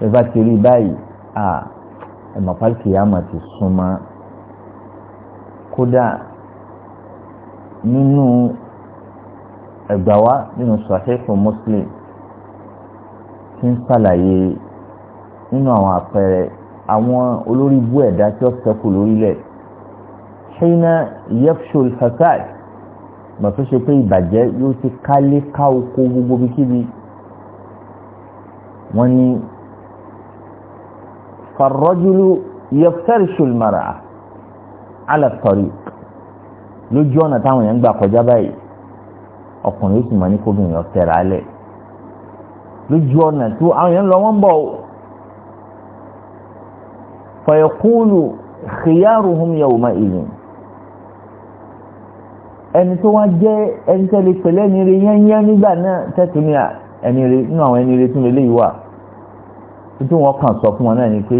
ẹ bá ti rí báyìí ẹ̀mọ̀pálíkì yá máa ti súnmọ́ kódà nínú ẹgbà wa nínú Sahihu Muslim ti ń ṣàlàyé nínú àwọn àpẹẹrẹ àwọn olórí bú ẹ̀dá tí ó ṣẹ́kù lórílẹ̀ ṣẹ́yìnà yẹ́fṣol fasad mọ̀ tó ṣe pé ìbàjẹ́ yóò ti kálé ká oko gbogbo bíkíbi wọ́n ní farrajulu yẹ́fṣẹ́rìṣol mara ala lójú ọ̀nà táwọn èèyàn ń gbà kọjá báyìí ọkùnrin ó sì mọ ní kóbìnrin ọ̀tẹ̀rà lẹ̀ lójú ọ̀nà tó àwọn èèyàn lọ wọ́n bọ̀ ọ́ fọyọ̀kúlù khiyaruhum yawma idhin ẹni tó wá jẹ́ ẹni tẹ́lẹ̀ pẹ̀lẹ́ ẹni rí yẹ́nyẹ́ nígbà náà tẹ́tù ní ẹni rí nínú àwọn ẹni rí tún léyìí wà títí wọ́n kàn sọ fún wọn náà ni pé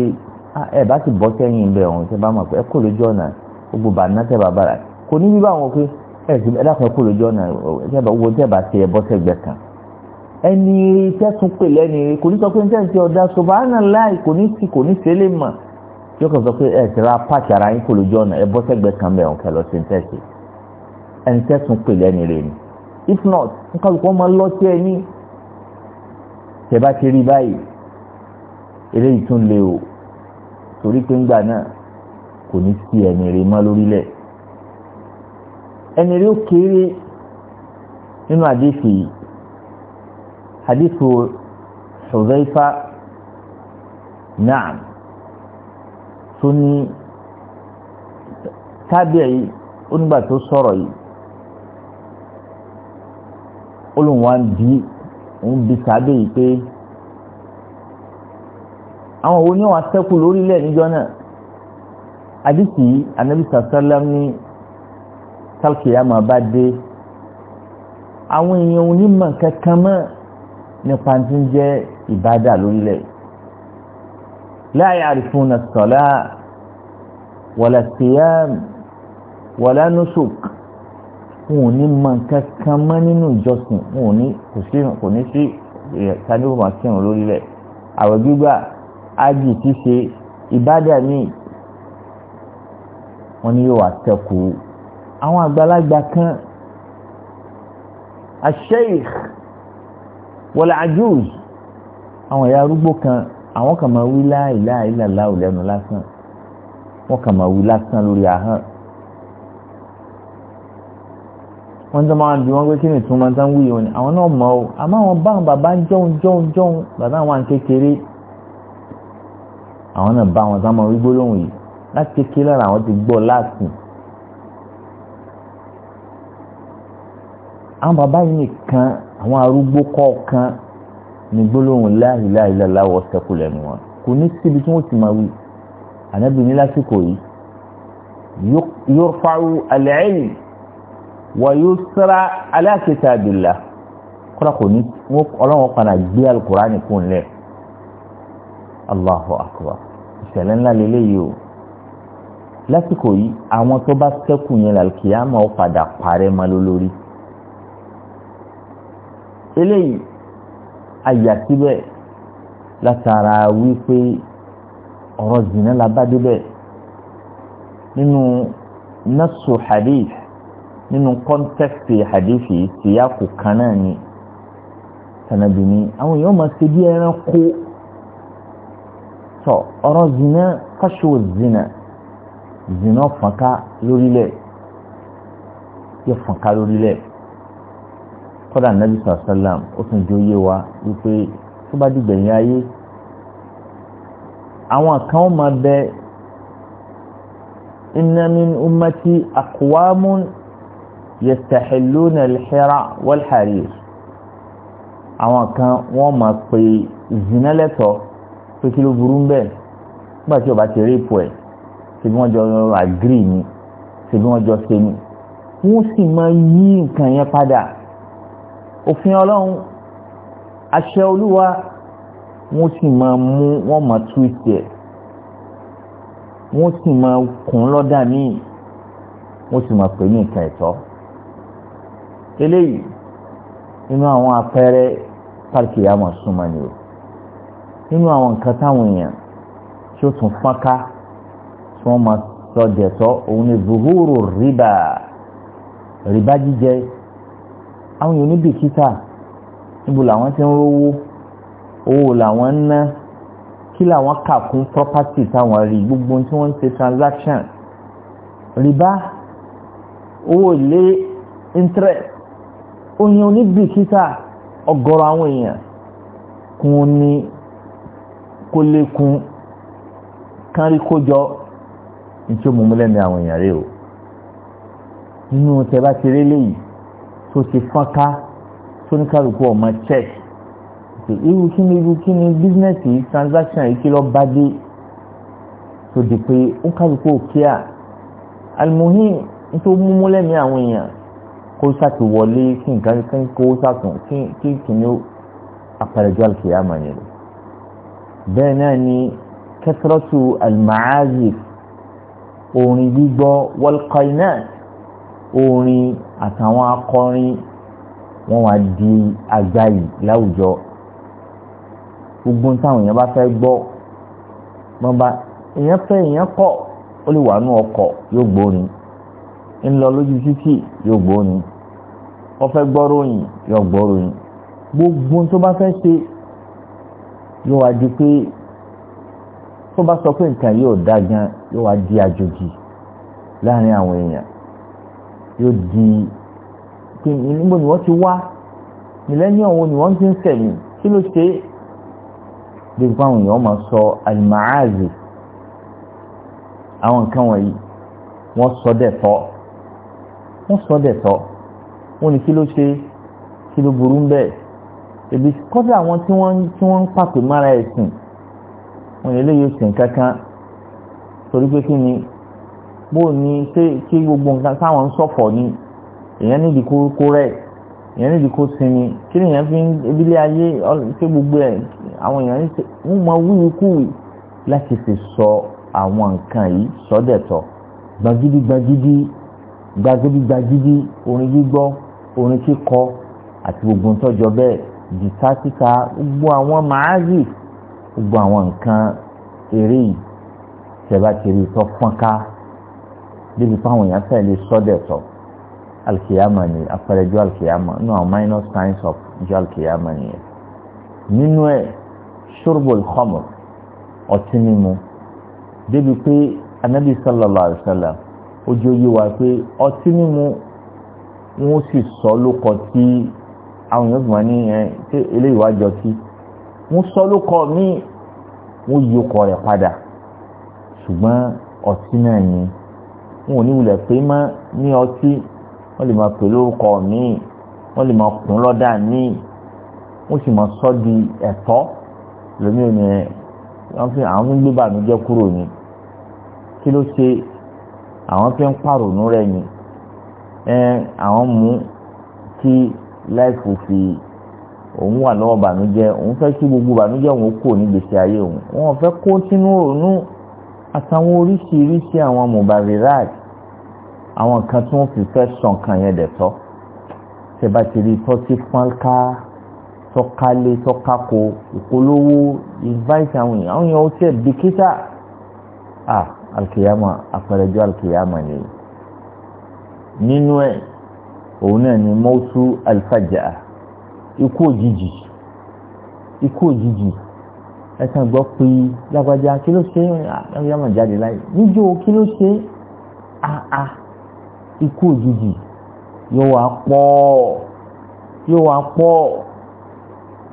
ah, ẹ bá ti bọ́ sẹ́yìn bẹ́ẹ̀ ọ̀hún tẹ́ bá mọ̀ pé ẹ kò lójú ọ̀nà gbogbo bàánà tẹ́ bàbá rà kò ní bíbá àwọn pé ẹ ti ẹdá kan kú lójú ọ̀nà ìjẹba owó tẹ́ẹ̀bà ti ẹ̀bọ́ sẹ́gbẹ̀ẹ́ kan ẹni tẹ́sùn pè lẹ́ni kò ní sọ pé níta ti ọ̀dà sọ̀bánà láì kò ní sí kò ní sí lè mà yóò kàn sọ pé ẹ ti ra páàkì ara yín kú lójú ọ̀nà ẹ̀bọ́ sẹ́gbẹ̀ẹ́ kan bẹ̀ ọ̀kẹ́ lọ sí tẹ́sì ẹni tẹ́sùn pè lẹ́ni rẹ̀ ni if not nǹkan kò máa lọ sí ẹni tẹ́bà ti rí báyìí eléyìí tún le o torí pé ńgbà náà kò ní sí ẹni rẹ̀ mọ́ lórílẹ̀ ẹni rí ó kéré nínú àdéhùn yìí àdéhùn Hudhayfa naam tó ní tábìlì onígbà tó sọ̀rọ̀ yìí olùwà ń bí ń bí sábẹ́ yìí pé àwọn wo ni wọn sẹ́kù lórílẹ̀ níjọ́ náà àdìsí anabi sàlám ní tálkìyàmọ̀ bá dé àwọn èèyàn onímọ̀ kankan mọ́ nípa tí ń jẹ́ ìbádà lórílẹ̀ la ya'rifuna as-salat wala as-siyam wala nusuk wọn ò ní mọ̀ kankan mọ́ nínú ìjọsìn wọn ò ní kò sí kò ní sí ìyẹ̀káníwò máa kírun lórílẹ̀ àwẹ̀ gbígbà ájì ṣíṣe ìbádà míì wọn ni yóò wá tẹ̀kù àwọn àgbàlagbà kan asheikh wọlé ajuz àwọn ẹ̀yà arúgbó kan àwọn kan máa wí láìláì làlá ò lẹ́nu lásán wọ́n kàn máa wí lásán lórí ahọ́n wọ́n tán máa bí wọ́n pé kí ni tún máa tán wúyẹ òní àwọn náà mọ̀ ọ́ àmọ́ àwọn báwọn bàbá ń jọun jọun jọun bàbá àwọn kékeré àwọn náà bá wọn tán máa wí gbólóhùn yìí láti kékeré àwọn ti gbọ́ láàsìn àwọn bàbá yìí nìkan àwọn arúgbó kọ̀ọ̀kan ní gbólóhùn láìláìláìlá wọ́n sẹ́kù lẹ́nu wọn kò ní síbi tí wọ́n ti máa wí ànábì ní lásìkò yìí yurfa'u al-'ilm wa yusra 'ala kitabillah kọ́ra kò ní ọlọ́wọ́n padà gbé alukurani kún lẹ̀ Allahu akbar ìṣẹ̀lẹ̀ ńlá lélẹ́yìí o lásìkò yìí àwọn tó bá sẹ́kù yẹn làlùkìyàmọ̀ padà parẹ́ mọ́ lólórí eléyìí àyà síbẹ̀ látara wípé ọ̀rọ̀ zina la bá débẹ̀ nínú nasu hadith nínú kọ́ńtẹ́kìtì hadith yìí tìyàkù kan náà ni sànàbì ni àwọn èèyàn máa ṣe bí ẹran kó tọ ọ̀rọ̀ zina fáṣọ zina zina fọ̀nká lórílẹ̀ yẹ fọ̀nká lórílẹ̀ kọ́dà nàbí sàlám ó tún jó yé wa wípé tó bá dìgbẹ̀yìn ayé àwọn kan máa bẹ inna min ummati aqwamun yastahilluna al-hira wal-harir àwọn kan wọ́n máa pe zina pé kí ló burú ń bẹ́ẹ̀ nígbà tí ó ti rí ipò ẹ̀ ṣe bí wọ́n jọ àgírí ni ṣe bí wọ́n jọ ṣe ni wọ́n sì máa yí nǹkan yẹn padà òfin ọlọ́run àṣẹ olúwa wọ́n sì máa mú wọ́n máa tú ìtẹ̀ wọ́n sì máa kún lọ́dà míì wọ́n sì máa pè ní nǹkan ẹ̀tọ́ eléyìí nínú àwọn àpẹẹrẹ pàrkì àmọ̀ ni o nínú àwọn nǹkan táwọn èèyàn tí ó tún fọ́nká tí wọ́n máa sọ dẹ̀tọ́ òun ni zuhuru riba riba jíjẹ àwọn èèyàn níbi kíta níbo làwọn ti ń rówó owó làwọn ń ná kí làwọn kà kún property táwọn rí gbogbo tí wọ́n ń ṣe transaction rìbá owó ilé interest òyìn oníbi kíta ọ̀gọ̀rọ̀ àwọn èèyàn kún ní kó lékún kán rí kó jọ ní tí ó mú mú lẹ́nu àwọn èèyàn rè o nínú tẹ bá ti rí léyìí tó ti fọ́nká tó ní kálukú ọmọ check ṣe irú kí ni irú kí ni business yìí transaction yìí kí lọ́ọ́ bá dé tó di pé ó kálukú òkè à almuhim tó múmú lẹ́mìí àwọn èèyàn kó sàtì wọlé kí nǹkan kí kó sàtún kí kí kìíní àpẹẹrẹjọ àlùkìyàmà yẹn lọ bẹ́ẹ̀ náà ni kẹsàrọ́tù almaazif orin gbígbọ́ wọlkọ́ináà orin àtàwọn akọrin wọn wá di agbáyì láwùjọ gbogbo táwọn èèyàn bá fẹ́ gbọ́ wọn bá èèyàn fẹ́ èèyàn kọ̀ ó lè wà nú ọkọ̀ yóò gbórin ń lọ lójú títì yóò gbórin ó fẹ́ gbọ́ ròyìn yóò gbọ́ ròyìn gbogbo tó bá fẹ́ ṣe yóò wá di pé tó bá sọ pé nǹkan yóò dá gan yóò wá di àjòjì láàrin àwọn èèyàn yóò di kí níbo ni wọ́n ti wá millennium wo ni wọ́n ti ń sẹ̀mí kí ló ṣe é débi fáwọn èèyàn máa sọ alimaazi àwọn nǹkan wọ̀nyí wọ́n sọ dẹ̀ tọ́ wọ́n sọ dẹ̀ tọ́ wọ́n ní kí ló ṣe kí ló burú ń bẹ́ẹ̀ ebi kọ́dọ̀ àwọn tí wọ́n tí wọ́n ń pàpè mára ẹ̀sìn wọ́n ní eléyìí ẹ̀sìn kankan torí pé kí ni bó ní kí gbogbo nǹkan sáwọn ń ni èèyàn nídi kó rẹ̀ èèyàn nídi kó sinmi kí ni èèyàn fi ń ebílẹ̀ ayé ṣé gbogbo ẹ̀ àwọn èèyàn ń ṣe wọ́n mọ wíwí kúwì láti fi sọ àwọn nǹkan yìí sọ́dẹ̀tọ̀ gbagidi gbagidi gbagidi gbagidi orin gbígbọ́ orin kíkọ àti gbogbo ń tọ́jọ bẹ́ẹ̀ jìtá títa gbogbo àwọn màázì gbogbo àwọn nǹkan eré yìí tẹ̀ bá ti tọ́ fọ́nká débi fáwọn èèyàn fẹ́ lè sọ́dẹ̀ tọ̀ alkiyama ni apẹrẹjọ alkiyama nínú àwọn minor signs of jọ alkiyama nìyẹn nínú ẹ ṣurbul khamr ọtí mímu débi pé anabi sallallahu alayhi wa sallam ojú oyé wa pé ọtí mímu wọn sì sọ lóko tí àwọn yóò gbọ́n ní ẹ ṣé eléyìí wá jọ tí wọn sọ lóko míì wọn yí ọkọ rẹ padà ṣùgbọ́n ọtí náà ni wọn ò ní wulẹ̀ pé má ní ọtí wọ́n lè máa pè lórúkọ míì wọ́n lè máa kún lọ́dà míì wọ́n sì máa sọ di ẹ̀tọ́ lómi ò ní wọ́n fi àwọn ń gbé bàmíjẹ́ kúrò ní kí ló ṣe àwọn fi ń pàrònú rẹ̀ ni ẹ àwọn mú kí láìfò fi òun wà lọ́wọ́ bàmíjẹ́ òun fẹ́ kí gbogbo bàmíjẹ́ òun kò ní gbèsè ayé òun wọn fẹ́ kó sínú òun àtàwọn oríṣiríṣi àwọn mubavirat àwọn kan tí wọ́n fi fẹ́ sàn kan yẹn dẹ̀ tọ́ ṣe bá ti rí tọ́sí fọ́nká tọ́kálé tọ́kákó ìpolówó invite àwọn èèyàn àwọn èèyàn ó tiẹ̀ bìkítà ah alkiyama àpẹrẹjọ alkiyama nìyí nínú ẹ òun náà ni mọ́tú alifájà ikú òjijì ikú òjijì ẹ̀sán gbọ́ pé lágbájá kí ló ṣe lágbájá ah, mà jáde láyé níjó kí ló ṣe àà ah, ah, ikú òjijì yóò wá pọ̀ yóò wá pọ̀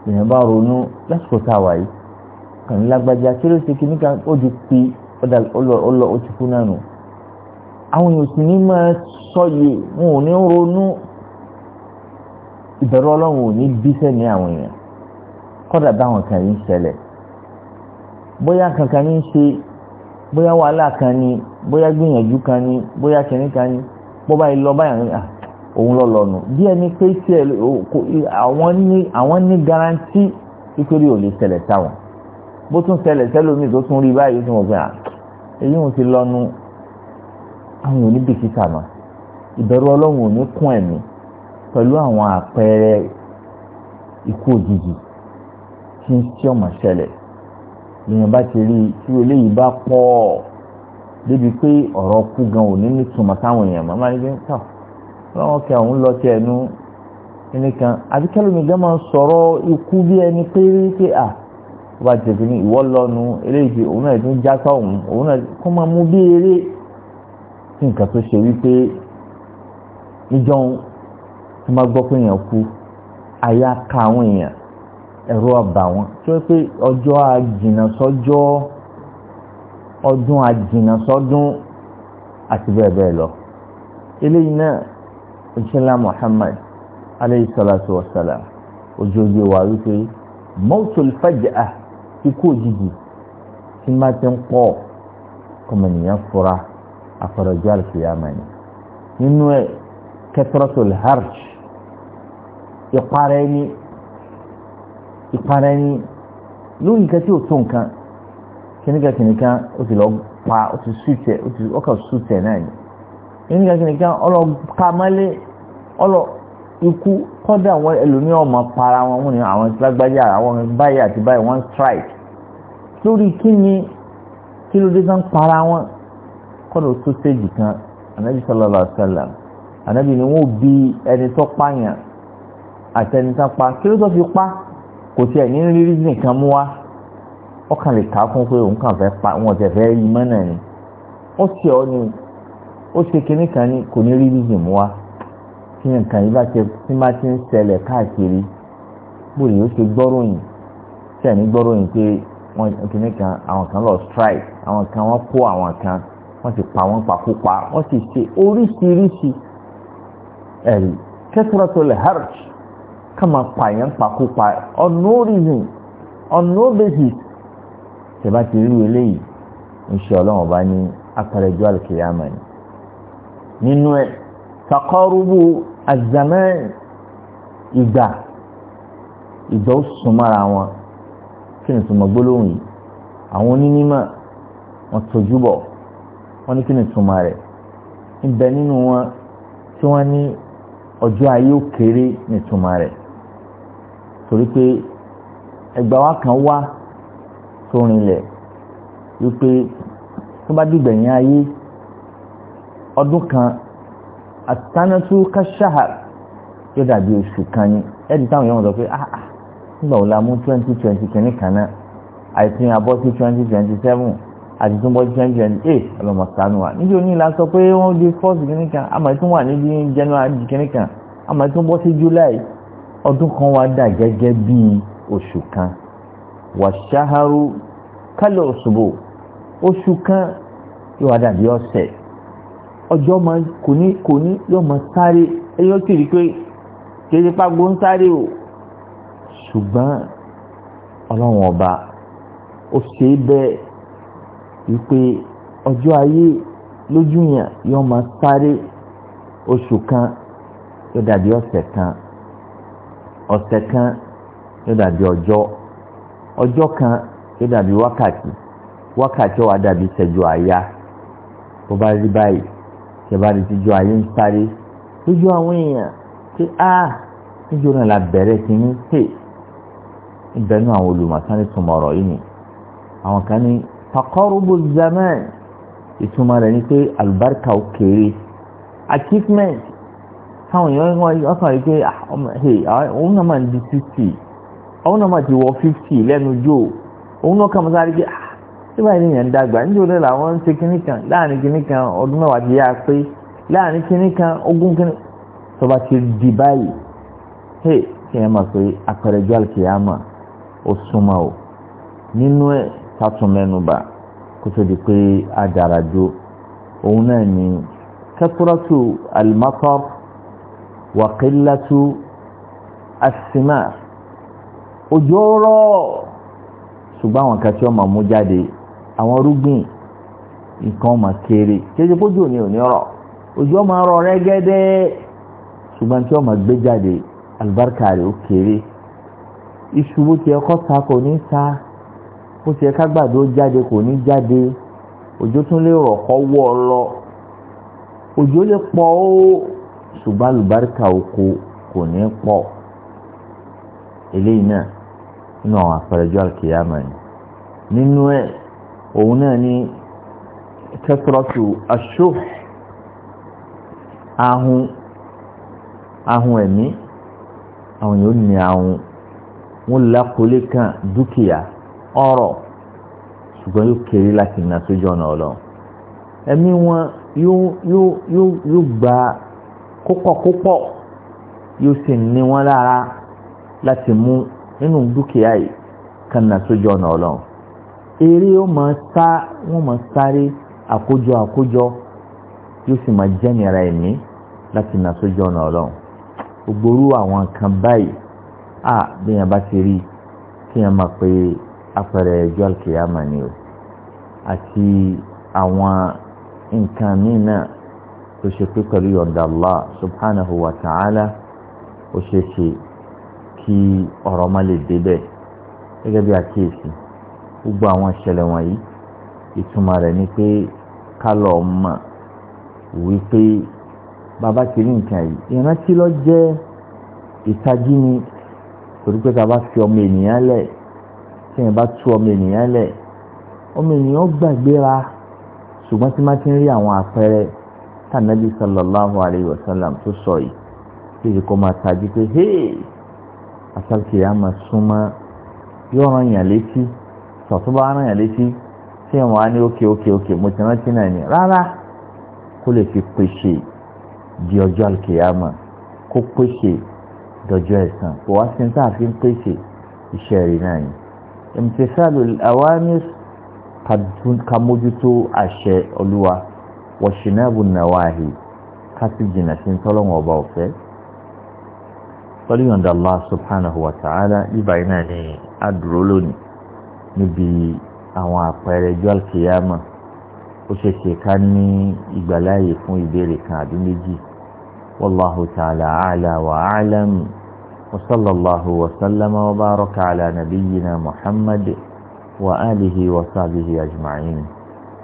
èèyàn bá ronú lásìkò tá a wà yìí kàn lágbájá kí ló ṣe kí níkan ó di pé ó lọ ó ti kú náà nù àwọn èèyàn sì ní máa sọyè wọn ò ní ronú ìbẹ̀rù ọlọ́run ò ní bí sẹ́ni àwọn èèyàn kọ́dà báwọn kan yìí ṣẹlẹ̀ bóyá kankan ní í ṣe bóyá wàhálà kan ni bóyá gbìyànjú kan ni bóyá kìnní kan ni bó bá lọ báyà ní òun lọ lọ́nu bí ẹni pé tí ẹ àwọn ní àwọn ní garanti ìpèrè ò lè ṣẹlẹ̀ sáwọn bó tún ṣẹlẹ̀ sẹ́lómi tó tún rí báyìí tó mọ̀ pé èyí wọn ti lọ́nu àwọn oníbìkítà náà ìbẹ̀rù ọlọ́run ò ní kún ẹ̀mí pẹ̀lú àwọn àpẹẹrẹ ikú òjijì tí ń ṣí ọmọ ṣẹlẹ̀ lèèyàn bá ti rí i tí eléyìí bá pọ̀ débi pé ọ̀rọ̀ kú gan ò ní ní túmọ̀ táwọn èèyàn máa máa ń gbé ń tà lọ́wọ́ kí àwọn lọ tiẹ̀ nu nìkan àti kẹlẹ́mi máa ń sọ̀rọ̀ ikú bí ẹni pé pé à ọba tẹ̀sí ni ìwọ lọ́nu eléyìí ti òun náà ti ń já sọ́hùn òun náà kó máa mú bí eré sí nǹkan tó ṣe wípé níjọ́ tó máa gbọ́ pé èèyàn kú àyà ka àwọn èèyàn ẹ̀rọ ọba wọn tí wọ́n pé ọjọ́ àjìnà sọ́jọ́ ọdún àjìnà sọ́dún àti bẹ́ẹ̀ bẹ́ẹ̀ lọ eléyìí náà ìṣẹ́lá Muhammad alayhi salatu wa salam ojú ojú wa wípé mọ́tò fàjà ikú òjijì tí máa ti ń pọ̀ kọ́mọnìyàn fura àfọ̀rọ̀jọ́ àlùfíàmà ni nínú ẹ̀ kẹtọ́rọ́tò lẹ́hàrj ìparẹ́ ni ìpara ẹni lórí nǹkan tí ò tó nǹkan kìnìkan kìnìkan ó ti lọ pa ó ti sùtẹ ó ti ọkà sùtẹ náà ni kìnìkan kìnìkan ọlọ́ka mọ́lé ọlọ́ ikú kọ́dà wọn ẹlòmíì ọmọ para wọn wọn ni àwọn ìtìlágbájá àwọn báyìí àti báyìí wọn strike lórí kí ni kí ló dé tán para wọn kọ́dọ̀ tó séjì kan anabi sallallahu alaihi wa sallam anabi ni wọn ò bí ẹni tó pààyàn àti ẹni tó pa kí ló tó fi pa kò tiẹ̀ ní rírí nìkan mú wá ọkàn lè ká fún pé òun kàn fẹ́ pa wọn tẹ̀ fẹ́ yí mọ́nà ni ó ṣe ọ́ ni ó ṣe kinní kan ni kò ní rírí nìkan mú wá tí nǹkan yìí bá ti tí má ti ń ṣẹlẹ̀ káàkiri bóyá ó ṣe gbọ́ròyìn tí ẹ̀ ní gbọ́ròyìn pé wọ́n kinní kan àwọn kan lọ strike àwọn kan wọ́n kó àwọn kan wọ́n ti pa wọ́n pakópa wọ́n sì ṣe oríṣiríṣi ẹ̀rí kẹ́sìrọ́tò lè hàrùsì kàn máa pààyàn pàkópa on no reason on no basis tẹ̀bá ti rí eléyìí ńṣe ọlọ́run ọba ní akẹrẹjọ àlùkìyàmà ni nínú ẹ takọrùbù àzàmẹ́ ìgbà ìgbà ó sùn mára wọn kí ni túmọ̀ gbólóhùn yìí àwọn onímọ̀ wọn tójú bọ̀ wọn ní kí ni túmọ̀ rẹ̀ ń bẹ nínú wọn tí wọ́n ní ọjọ́ ayé ó kéré ní túmọ̀ rẹ̀ torí pé ẹgbà wa kan wá tó rinlẹ̀ wípé tó bá dìgbẹ̀yìn ayé ọdún kan àtànátú káṣáhà yóò dàbí oṣù kan ni ẹ̀dí táwọn yẹn sọ pé ah ah nígbà wo la mú twenty twenty kìíní kan náà àìsàn àbọ̀ sí twenty twenty seven àti tó ń bọ́ twenty twenty eight ọlọ́mọ sanu wa níbi oní ìlà sọ pé wọ́n di first kìíní kan àmọ́ ètò wà níbi January kìíní kan àmọ́ ètò ń bọ́ sí July ọdún kan wá dà gẹ́gẹ́ bí oṣù kan wàṣáharu kálọ̀ òṣùbò oṣù kan yóò wá dàbí ọ̀sẹ̀ ọjọ́ máa kò ní kò ní yóò máa sáré ẹyọ́ sì rí pé kéde pàgbó ń sáré o ṣùgbọ́n ọlọ́run ọba ó ṣe é bẹ́ẹ̀ wípé ọjọ́ ayé lójú yàn yóò máa sáré oṣù kan yóò dàbí ọ̀sẹ̀ kan ọ̀sẹ̀ kan yóò dàbí ọjọ́ ọjọ́ kan yóò dàbí wákàtí wákàtí ó wá dàbí ìṣẹ́jú àyà tó bá rí báyìí tẹ bá rí tíjú ayé ń sáré lójú àwọn èèyàn pé a níjó náà la bẹ̀rẹ̀ sí ní tè ìbẹ̀nu àwọn olùmọ̀sánì túmọ̀ ọ̀rọ̀ yìí ni àwọn kan ní takọ́rùbù zaman ìtumọ̀ rẹ̀ ni pé àlùbáríkà ó kéré achievement táwọn èèyàn wọn ọkàn yìí pé òun náà máa di sixty òun náà máa ti wọ fifty lẹ́nu jò òun náà kàn máa sáré pé tí báyìí nìyẹn dàgbà níjó lè làwọn ń ṣe kínní kan láàrin kínní kan ọdún mẹ́wàá ti yá pé láàrin kínní kan ogún kínní tó bá ti di báyìí hey kí ẹ máa pé apẹrẹjọ àlùkìyàmà ó súnmọ́ o nínú ẹ̀ ba, mẹ́nuba kó tó di pé a dára jó òun náà ní kẹtùrọ́tù alimakọ́pù wàkílátú asimá òjò rọ̀ ṣùgbọ́n àwọn kan tí wọ́n máa mú jáde àwọn rúgbìn nǹkan máa kéré kéde kójú òní òní rọ̀ òjò máa rọ̀ rẹ́gẹ́dẹ́ ṣùgbọ́n tí wọ́n máa gbé jáde àlùbáríkà rẹ̀ ó kéré iṣu bó ti ẹkọ́ ta kò ní ta bó ti ẹka gbàdo jáde kò ní jáde òjò tún lè rọ̀ kọ́ wọ́ ọ lọ òjò lè pọ̀ ó ṣùgbọ́n àlùbáríkà oko kò ní pọ̀ eléyìí náà nínú àwọn àpẹẹrẹjọ àlùkìyàmà ni nínú ẹ̀ òun náà ní kẹsìrọ́tù aṣọ ahun ahun ẹ̀mí àwọn yóò ní ahun wọn lakọlé kan dúkìá ọrọ̀ ṣùgbọ́n yóò kéré láti nà sójú ọ̀nà ọlọ́run ẹ̀mí wọn yóò gba púpọ̀púpọ̀ yóò sì ní wọn lára láti mú nínú dúkìá yìí kanna sójú ọ̀nà ọlọ́run eré ó máa sá wọ́n máa sáré àkójọ àkójọ yóò sì máa jẹ́nira ẹ̀mí láti nà sójú ọ̀nà ọlọ́run ògbórú àwọn nǹkan báyìí à bí yẹn bá ti rí kí yẹn máa pe apẹ̀rẹ̀ ẹjọ́ àlùkìyàmà ni o àti àwọn nǹkan míì náà tó ṣe pé pẹ̀lú yọ̀ǹda Allah subhanahu wa ta'ala ó ṣe ṣe kí ọ̀rọ̀ má lè débẹ̀ gẹ́gẹ́ bí àkíyèsí gbogbo àwọn ìṣẹ̀lẹ̀ wọ̀nyí ìtumọ̀ rẹ̀ ni pé kálọ̀ mọ̀ wípé bàbá ti rí nǹkan yìí ìrántí lọ jẹ́ ìtají ni torí pé tá fi ọmọ ènìyàn lẹ̀ tí èèyàn bá tú ọmọ ènìyàn lẹ̀ ọmọ ènìyàn gbàgbéra ṣùgbọ́n tí má ti ń rí àwọn àpẹẹrẹ tànàbí sallallahu alayhi wa sallam tó sọ yìí kéde kó máa tají pé hey asálùkìyà máa súnmọ́ yóò ràn yàn létí sọ̀túnbà ràn yàn létí tí wọn á ní òkè òkè òkè mo ti rántí náà ni rárá kó lè fi pèsè di ọjọ́ àlùkìyà mọ̀ kó pèsè dọjọ́ ẹ̀san kó wá sí ní tá ń pèsè iṣẹ́ rí náà ni imtisalu awamir ka mójútó àṣẹ olúwa wọ̀ṣìnàbù nàwáhì kásì jìnà sí tọ́lọ́wọ̀n ọba ọ̀fẹ́ tọ́líyàn Allah subhanahu wa ta'ala ibà iná ni àdúró lónìí níbi àwọn àpẹẹrẹ ìjọ alkiyama ó ṣe ṣe ká ní ìgbàláyè fún ìbéèrè kan àbí méjì wallahu ta'ala a'la wa a'lam wa sallallahu wa sallama wa baraka ala nabiyyina muhammad wa alihi wa sahbihi ajma'in.